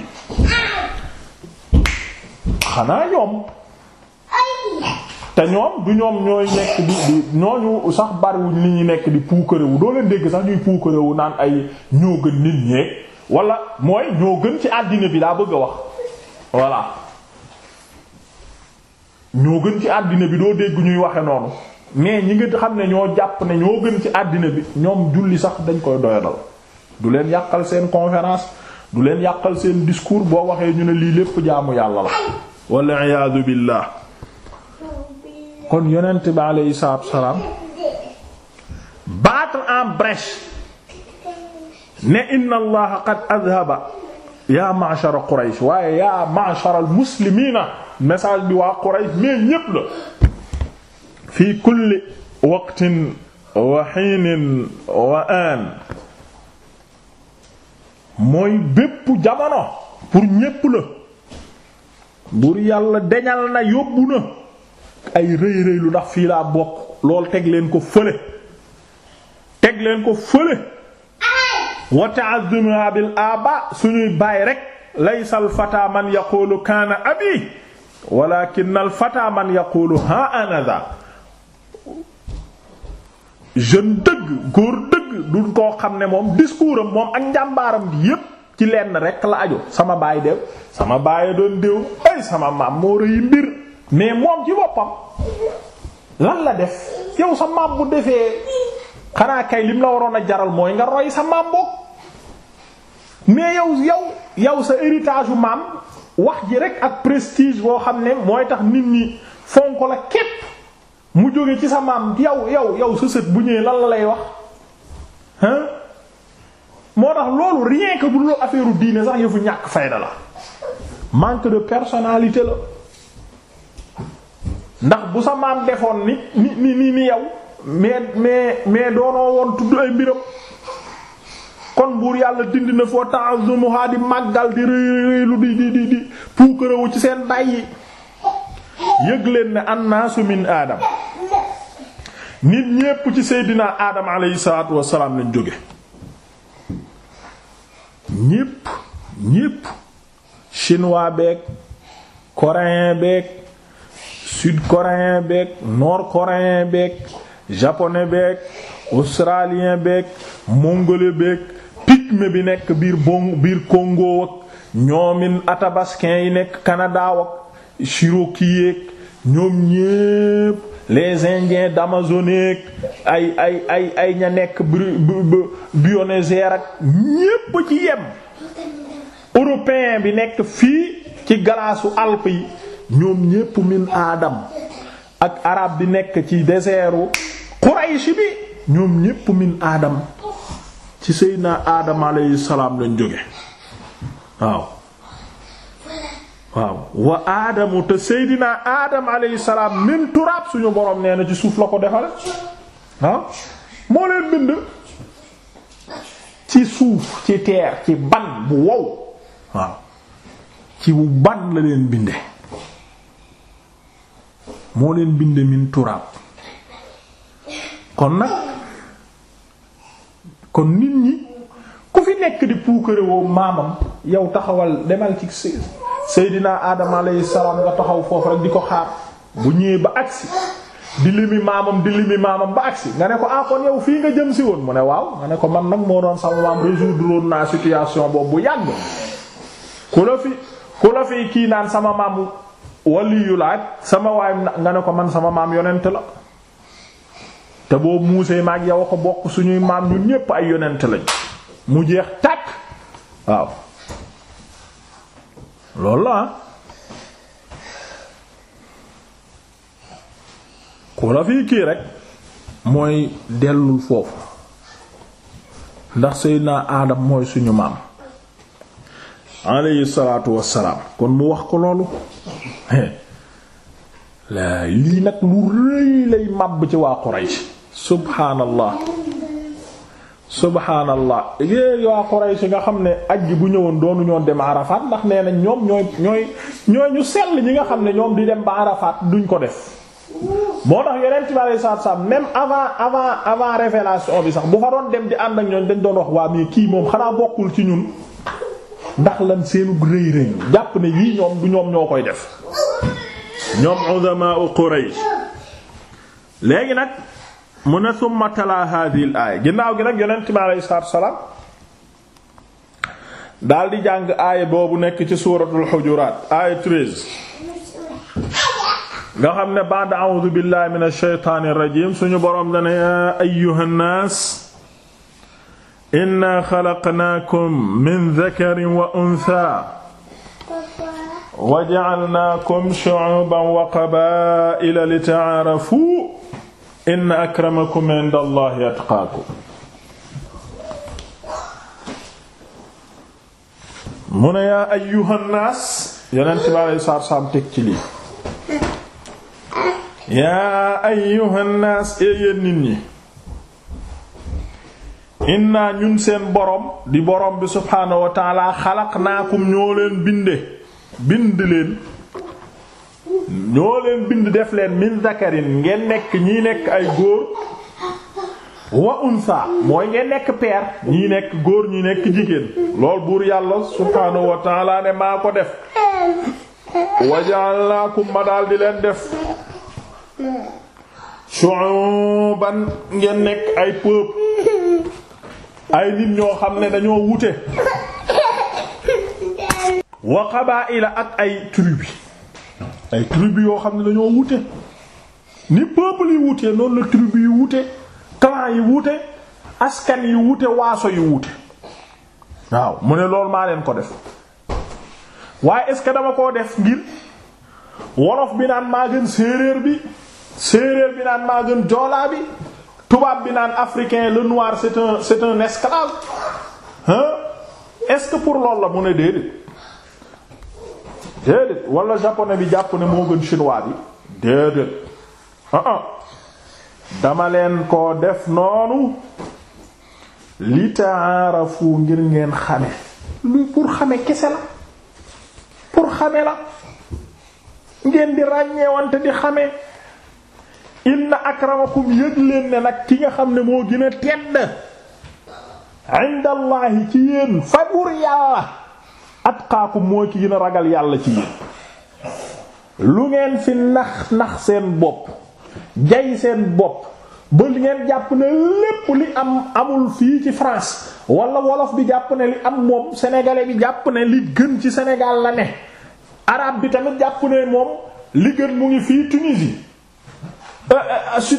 Speaker 1: xanaa ñoom te ñoom du ñoom ñooy nekk di di ñooñu sax bariwuñ ni ñu nekk di puukarewu doo leen dégg sax ñuy puukarewu naan ay ñoo gën nit ñeeg wala mooy ñoo gën ci àddina bi daa bëgg a wax voilà ñoo gën ci àddina bi doo dégg ñuy waxe noonu mais ñi nga xam ne ñoo jàpp ne ñoo gën ci àddina bi ñoom julli sax dañ koy doyadal du leen yàqal seen conférence du leen yàqal seen discours boo waxee ñu ne lii lépp jaamu yàlla la wal iyaadu billah kon yonent bi aleyhi salaatu salaam battre en brèche ne inna allaha qad adhaba yaa ma'shara Quraysh waaye yaa ma'shara al-muslimiina message bi waa Quraysh mais ñépp la fii kulli wa hiinin wa aan mooy bépp jamono pour ñépp la bur yàlla ay rëy rëy lu ndax fii laa bokk lool teg leen ko fële teg leen ko fële wa ta'azzumna bil aba suñuy baay rek laysa al fata man yaqulu kaana abi walakin al fata man yaqulu ha anada jeune dëgg góor dëgg duñ koo xam ne moom discours am moom ak njàmbaaram yépp ci lenn rek la ajo sama baay dew sama baay doon déw ay sama maam moo rëy mbir mais moom ci boppam lan la def yow sa maam bu defee xanaa kay lim la waroon a jaral mooy nga roy sa maam boog mais yow yow yow sa héritage u maam wax ji rek ak prestige boo xam ne mooy tax nit ñi fonk la képp mu jóge ci sa maam yow yow yow sa sët bu ñëwee lan la lay wax hein moo tax loolu rien que bu dul affaire diine sax yëfu ñàkk fayda la manque de personnalité la. ndax bu sa maam defoon ni ni ni ni yow mais mais doonoo woon tudd ay mbiram kon buur yàlla dindi na foo ta'azumuha di màggal di réyréylu di di di di puukarewu ci seen bàyyi yëgleen leen ne annaasu min aadam nit ñépp ci seydinaa aadam alayhi salaatu wassalaam lañ jóge ñépp ñépp chinois beek coréen beek sud coréen beeg nord coréen beeg japonais beeg australien beeg mongolais beeg pygmée bi nekk biir bon biir Congo atabaskin yi nekk Canada ak Cherokee yeeg ñoom ñépp les indiens d'Amazonie ay ay ay ña nekk buenos ñépp ci yem européen bi nekk fii ci galaasu Alpes yi ñoom ñépp min aadam ak arab bi nekk ci deseeru Quraysh bi ñoom ñépp min aadam ci seydina aadam alayhi salaam lañ jóge waaw waaw wa aadamu te seydina aadam alayhi salaam min turaab suñu borom nee na ci suuf la ko defal waaw moo leen bind ci suuf ci terre ci ban bu wow waaw ci bu ban la leen binde moo leen binde min turaab kon nag kon nit ñi ku fi nekk di puukarewoo maamam yow taxawal demal ci Seydina Adama alayhi salaam nga taxaw foofu rek di ko xaar bu ñëwee ba agsi di limi maamam di limi maamam ba agsi nga ne ko ah yow fii nga jëm si woon mu ne waaw nga ne ko man nag moo doon sama maam résoudre woon naa situation boobu bu yàgg ku la fi ku la fi kii naan sama maam. waliyu laaj sama waay nga ne ko man sama maam yonent la te boo muusee maag yow a ko bokk suñuy maam ñun ñépp ay yonent lañ mu jeex tàkk waaw loolu la ah. ku la fii kii rek mooy dellul foofu ndax sëy Seydina Adam mooy suñu maam alayhi salaatu wassalaam kon mu wax ko loolu laa lii nag lu rëy lay màbb ci waa Quraysh subhaanallah subhaanallah yéey waa Quraysh nga xam ne ajj bu ñëwoon doonu ñoon dem Arafat ndax nee na ñoom ñooy ñooy ñooy ñu sell ñi nga xam ne ñoom di dem ba Arafat duñ ko def moo tax yeneen ci bari saab saab même avant avant avant révélation bi sax bu fa doon dem di ànd ak ñooñ dañ doon wax waa mii kii moom xanaa bokkul ci ñun ndax lan seenu rëy rëy jàpp ne yii ñoom du ñoom ñoo koy def ñoom uzamaa u Quraysh léegi nag mu ne summa tala hadhihi al aaya ginnaaw gi nag yonent bi aleyhi salaatu wa salaam daal di jàng aaya boobu nekk ci suuratul xujuraat aaya 13 nga xam ne ba'da a'uuzu billaahi minash shaytaanir rajiim suñu boroom dana yaa ayyuhan naas inna xalaqnaakum min dakarin wa unsa wa ja'alnaakum shu'uban wa qabaa'ila lita'aarafu inna akramakum 'inda Allahi atqaakum mu ne yaa ayyuhan naas yeneen tubaab yi saa saam teg ci lii yaa ayyuhan naas yéen nit ñi inna ñun seen borom di borom bi subhaanahu wa taala xalaqnaakum ñoo leen binde bind leen ñoo leen bind def leen min ngeen nekk ñii nekk ay góor wa unsa mooy ngeen nekk peer ñii nekk góor ñii nekk jigéen lool buur yàlla subhaanahu wa ne maa ko def waja'alnaakum ma daal di leen def shu'uban ngeen nekk ay peuple ay nit ñoo xam ne dañoo wute wa qabaa'ila ak ay tribu ay tribu yoo xam ne dañoo wute ni peuple yi wute noonu la tribu yi wute clan yi wute askan yi wute waaso yi wute waaw mu ne loolu maa leen ko def waaye est-ce que dama koo def ngir wolof bi naan maa gën séeréer bi séeréer bi naan maa gën joolaa bi tubaab bi naan africain le noir c'est un c'est un esclave est-ce que pour loolu la mu ne déedéet déedéet wala japonais bi jàpp ne moo gën chinois bi déedéet ah, ah. dama leen ko def noonu li ta'arafu ngir ngeen xame lu pour xame kese la pour xame la ngeen di ràññeewante di xame inna akramakum yëg leen ne nag ki nga xam ne moo gën a tedd inda allahi ci yéen fa buur yàlla atqaakum mooy ki gën a ragal yàlla ci yéen lu ngeen fi nax nax seen bopp jay seen bopp ba li ngeen jàpp ne lépp li am amul fii ci France wala wolof bi jàpp ne li am moom sénégalais bi jàpp ne li gën ci Sénégal la ne arabe bi tamit jàpp ne moom li gën mu ngi fii Tunisie Euh, euh, euh, sud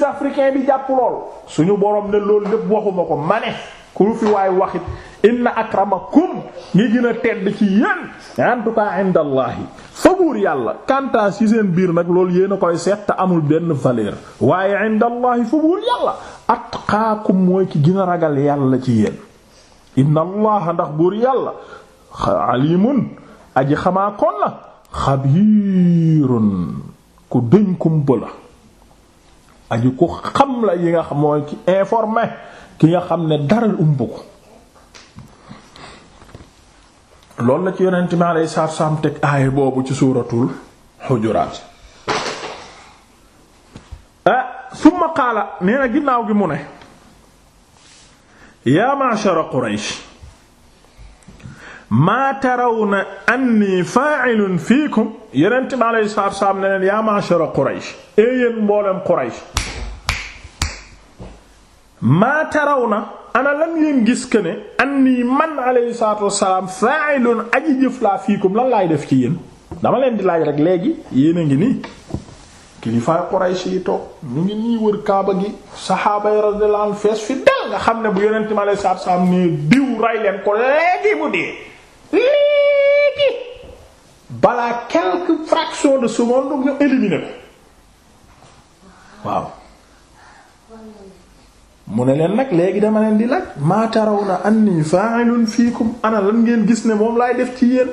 Speaker 1: bi jàpp lool suñu borom ne loolu lépp waxuma ko ma ne ku fi waay waxit inna akramakum ngi gën a tedd ci yéen en yàlla kantaa ci biir nag loolu yéen a koy seet amul benn valeur waaye indallahi fa buur yàlla atqaakum mooy ki gën a ragal yàlla ci yéen inna allaha ndax buur yàlla alimun aji xamaa kon la xabiirun ku dëñ kumpa la aju ku xam la yi nga xam mooy ki informé ki nga xam ne dara umb ko loolu la ci yonent mi alayhi salaatu salaam teg aaya boobu ci suuratul xujuraat ah summa qaala nee na ginnaaw gi mu ne yaa ma'shara Quraysh maa tarawna anni fa'ilun fiikum yeneen bi alayhi salaatu wa salaam ne leen yaa ma'shara Quraysh ee yéen mboolem Quraysh maa tarawna ana lan ngeen gis que ne anni man alayhi salaatu wa salaam fa'ilun aji jëf fiikum lan laay def ci yéen dama leen di laaj rek léegi yéen a ngi nii kilifaay Quraysh yi toog ñu ngi nii wër Kaaba gi saxaaba yi radiyallahu anhum fees fi dal nga xam ne bu yeneen bi alayhi salaatu wa salaam diw rey leen ko léegi mu dee. voilà quelques waaw mu ne leen nag léegi dama leen di laaj maa tarawna anni fa'ilun fiikum ana lan ngeen gis ne moom laay def ci yéen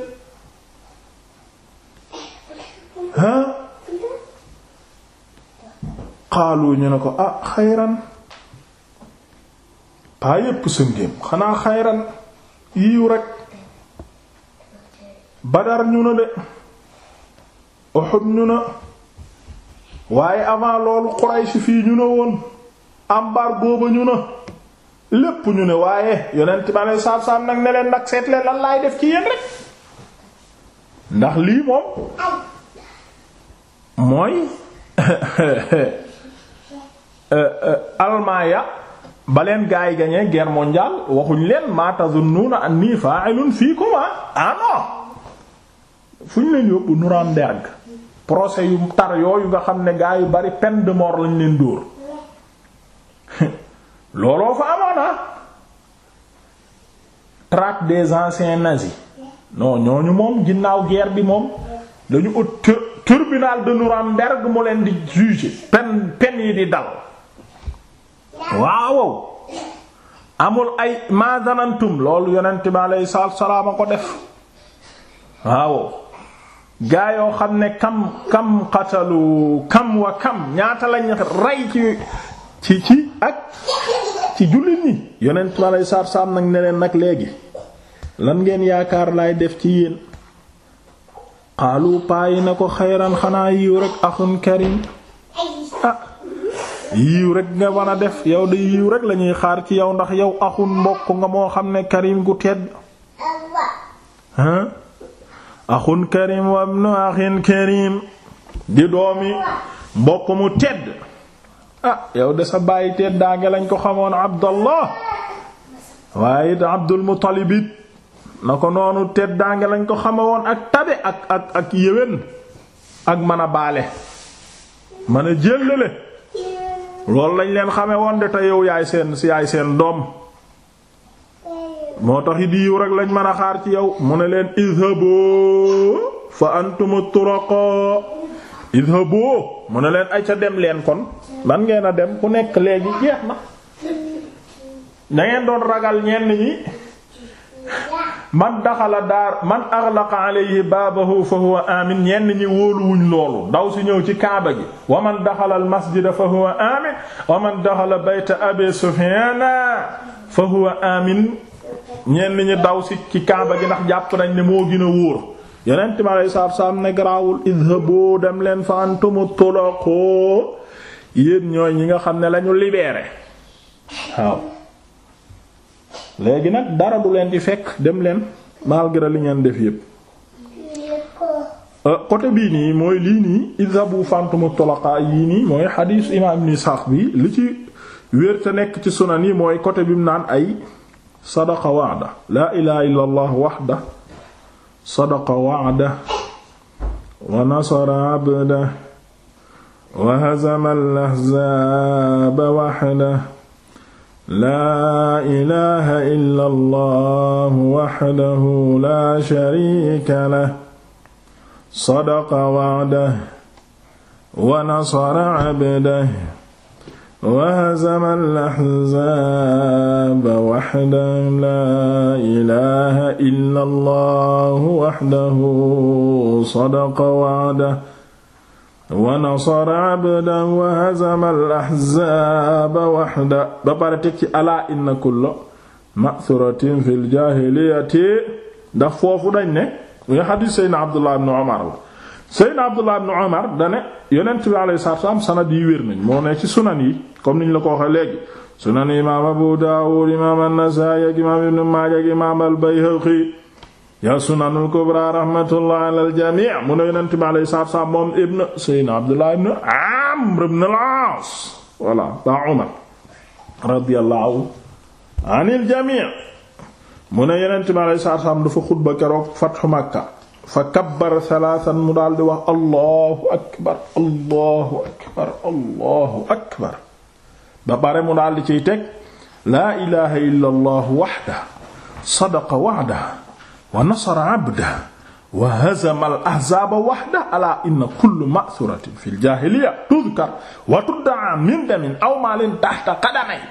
Speaker 1: ha xaalu ñu ne ko ah xayran paa yépp sëngéem xanaa xayran yiw rek Badar ñu na de Uhud ñu na waaye avant loolu Quraysh fii ñu na woon embargo ba ñu na lépp ñu ne waaye yonent ma ne saab-saab nag ne leen nag seet leen lan laay def ci yéen rek ndax lii mooy euh, euh, almaaya ba leen gaa yi gañee guerre ma tazunnuna anni fa'ilun fiikum ah, ah fu ñu leen yóbbu Nuremberg procès yu tar yooyu nga xam ne gaa yu bari peine de mort lañ leen dóor looloo fa amaana ah? traque des anciens nazis non ñooñu moom ginnaaw guerre bi moom dañu ut tribunal de Nuremberg mu leen di juger peine peine yi di dal waaw amul ay ma zanantum loolu yonent bi alayhi salaatu salaam a ko def waaw gaa yoo xam ne kam kam xatalu kam wa kam ñaata lañ rey ci ci ci ak ci jullit ñi yonent ma lay saar saam nag ne leen nag léegi lan ngeen yaakaar laay def ci yéen xaalu paayi na ko xayran xanaa yiw rek axun karim ah yiw rek nga war a def yow di yiw rek lañuy xaar ci yow ndax yow axun mbokk nga moo xam ne karim gu tedd axun karim wa ibnu axin karim di doomi mbokk mu tedd ah yow de sa bàyyi teddaange lañ ko xamoon abdallah waaye it abdul muttalib it na ko noonu teddaange lañ ko xamoon ak tabe ak ak ak yéwén ak mën a baale mën a jéllale loolu lañ leen xame woon de te yow yaay seen si yaay seen doom moo tax it yiw rek lañ mën a xaar ci yow mu ne leen idhabo fa antum turaqa idhabo mu ne leen ay ca dem leen kon man ngeen a dem ku nekk léegi jeex na da doon ragal ñenn yi man daxala daar man aghlaqa alayhi baabahu fa huwa amin ñenn ñi wóoluwuñ loolu daw si ñëw ci kaaba gi wa man daxala al masjida fa huwa amin wa man daxala bayta abi sufyana fa huwa amin ñenn ñi daw si ci kaaba gi ndax jàpp nañ ne moo gën a wóor yonent mi aleyhi salaatu salaam ne garaawul idhabu dem leen fa antumu tulaqo yéen ñooy ñi nga xam ne lañu libeere waaw léegi nag dara du leen di fekk dem leen malgré li ngeen def yépp euh, côté bii nii mooy lii nii idhabu fantuma toloqa yii nii mooy xadiis imaam ibn Isaaq bi li ci wér te nekk ci sunan yi mooy côté bi naan ay sadaqa wa'da laa ilaha illa allah wahda sadaqa wa'da wa nasara abda wa hazama al-ahzaaba wahda laa ilaha illa allah wahdahu laa sharika lahu sadaqa wa'da wa nasara abda wa hazama al-ahzaaba wahdahu laa ilaaha illa allahu wahdahu sadaqa wa'dahu wa nasara abdahu wa hazama al-ahzaaba wahdahu ba pare teg ci alaa inna kulla ma'thuratin fil jaahiliyati ndax foofu dañ ne muy hadiis Seydina Abdullah ibn Umar Seydina Abdullah ibn Umar dane yonent bi alayhi salaatu wassalaam sanad yi wér nañ moo ne ci sunan yi comme niñ la ko waxee léegi sunan imaam Abu Daawud imaam An-Nasaa'i imaam Ibn Maaja imaam Al-Bayhaqi ya sunanul kubra rahmatullah ala al-jamii' mu ne moom ibn Seydina al jamii' mu ne yonent bi alayhi salaatu wassalaam dafa xutba keroog Fathu Makka fa kabbara salaasan mu daal di wax allahu akbar allahu akbar allahu akbar ba pare mu daal di ciy teg laa ilaha illa allah waxda sadaqa waxda wa nasara abda wa hazama al ahzaaba waxda ala inna kulla ma'suratin fil jaahiliya tudkar wa tudda'a min damin aw maalin tahta qadamay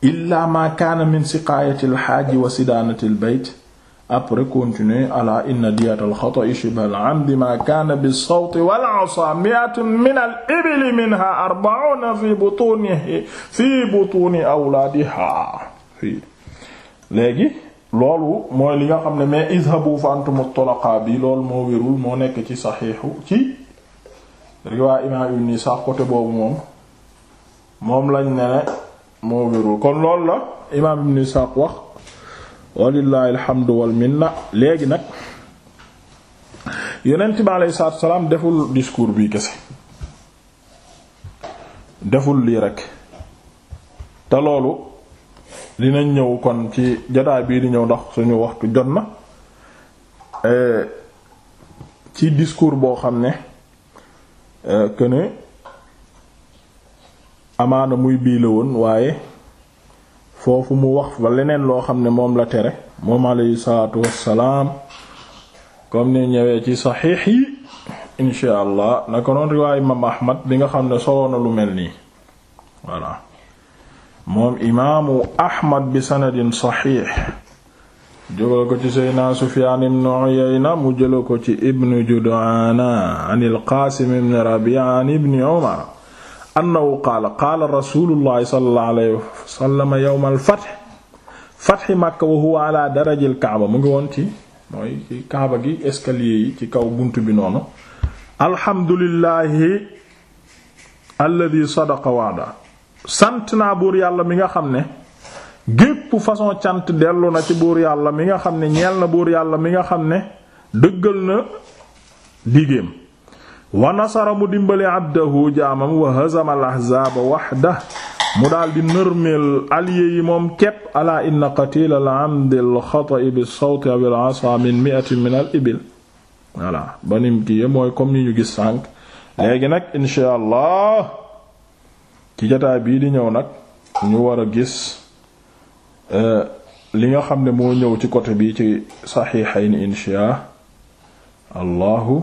Speaker 1: illa ma kaana min siqaayati al haaji wa sidaanati al bayt après continuer ala inna diyatal xata'i shibhal amdi ma kaana bis-sawti wal 'asaa mi'atun min al-ibli minhaa fi butunihi fi butuni loolu mooy li nga xam ne mais izhabu fa antumu tolaqaa bi loolu moo wérul moo nekk ci saxiixu ci riwaay imaam ibn Isaaq côté boobu moom moom lañ ne ne moo kon loolu la imaam ibn Isaaq wax walillahi alhamdu wal minna léegi nag yonent bi aleyhi salaatu salaam deful discours bi kese deful lii rek te loolu dinañ ñëw kon ci jotaay bii di ñëw ndax suñu waxtu jot na e, ci discours boo xam ne e, que amaana muy bii la woon waaye foofu mu wax fa leneen loo xam ne moom la tere moom alayhi salaatu wassalaam comme ni ñëwee ci saxiix yi insha allah naka bi nga xam ne soloo na lu mel nii voilà moom ahmad bi sanadin saxiix jógal ko ci seydna sufyaan ibn uyayna mu jëla ko ci ibn judaana an qaasim ibn rabi'a an umar annahu qaala qaala rasulullahi sallallahu alayhi wa sallam yawm al fath fath makka wa huwa ala darajil kaaba mu ngi woon ci mooy ci kaaba gi escalier yi ci kaw bunt bi noonu alhamdulillahi alladi sadaqa waada sant naa buur yàlla mi nga xam ne gépp façon cant dellu na ci buur yàlla mi nga xam ne ñeel na buur yàlla mi nga xam ne dëggal na digéem wa nasara mu dimbali abdahu jaamam wa hazama al waxda mu daal di nërmeel allié yi moom képp alaa inna qatiila al amdi al xata'i bi sawti aw al asa min min al ibil voilà banim kii mooy comme ni ñu gis sànq léegi nag insha allah ci jotaay bii di ñëw nag ñu war a gis eh, li nga xam ne moo ñëw ci côté bi ci saxiixayni insha allahu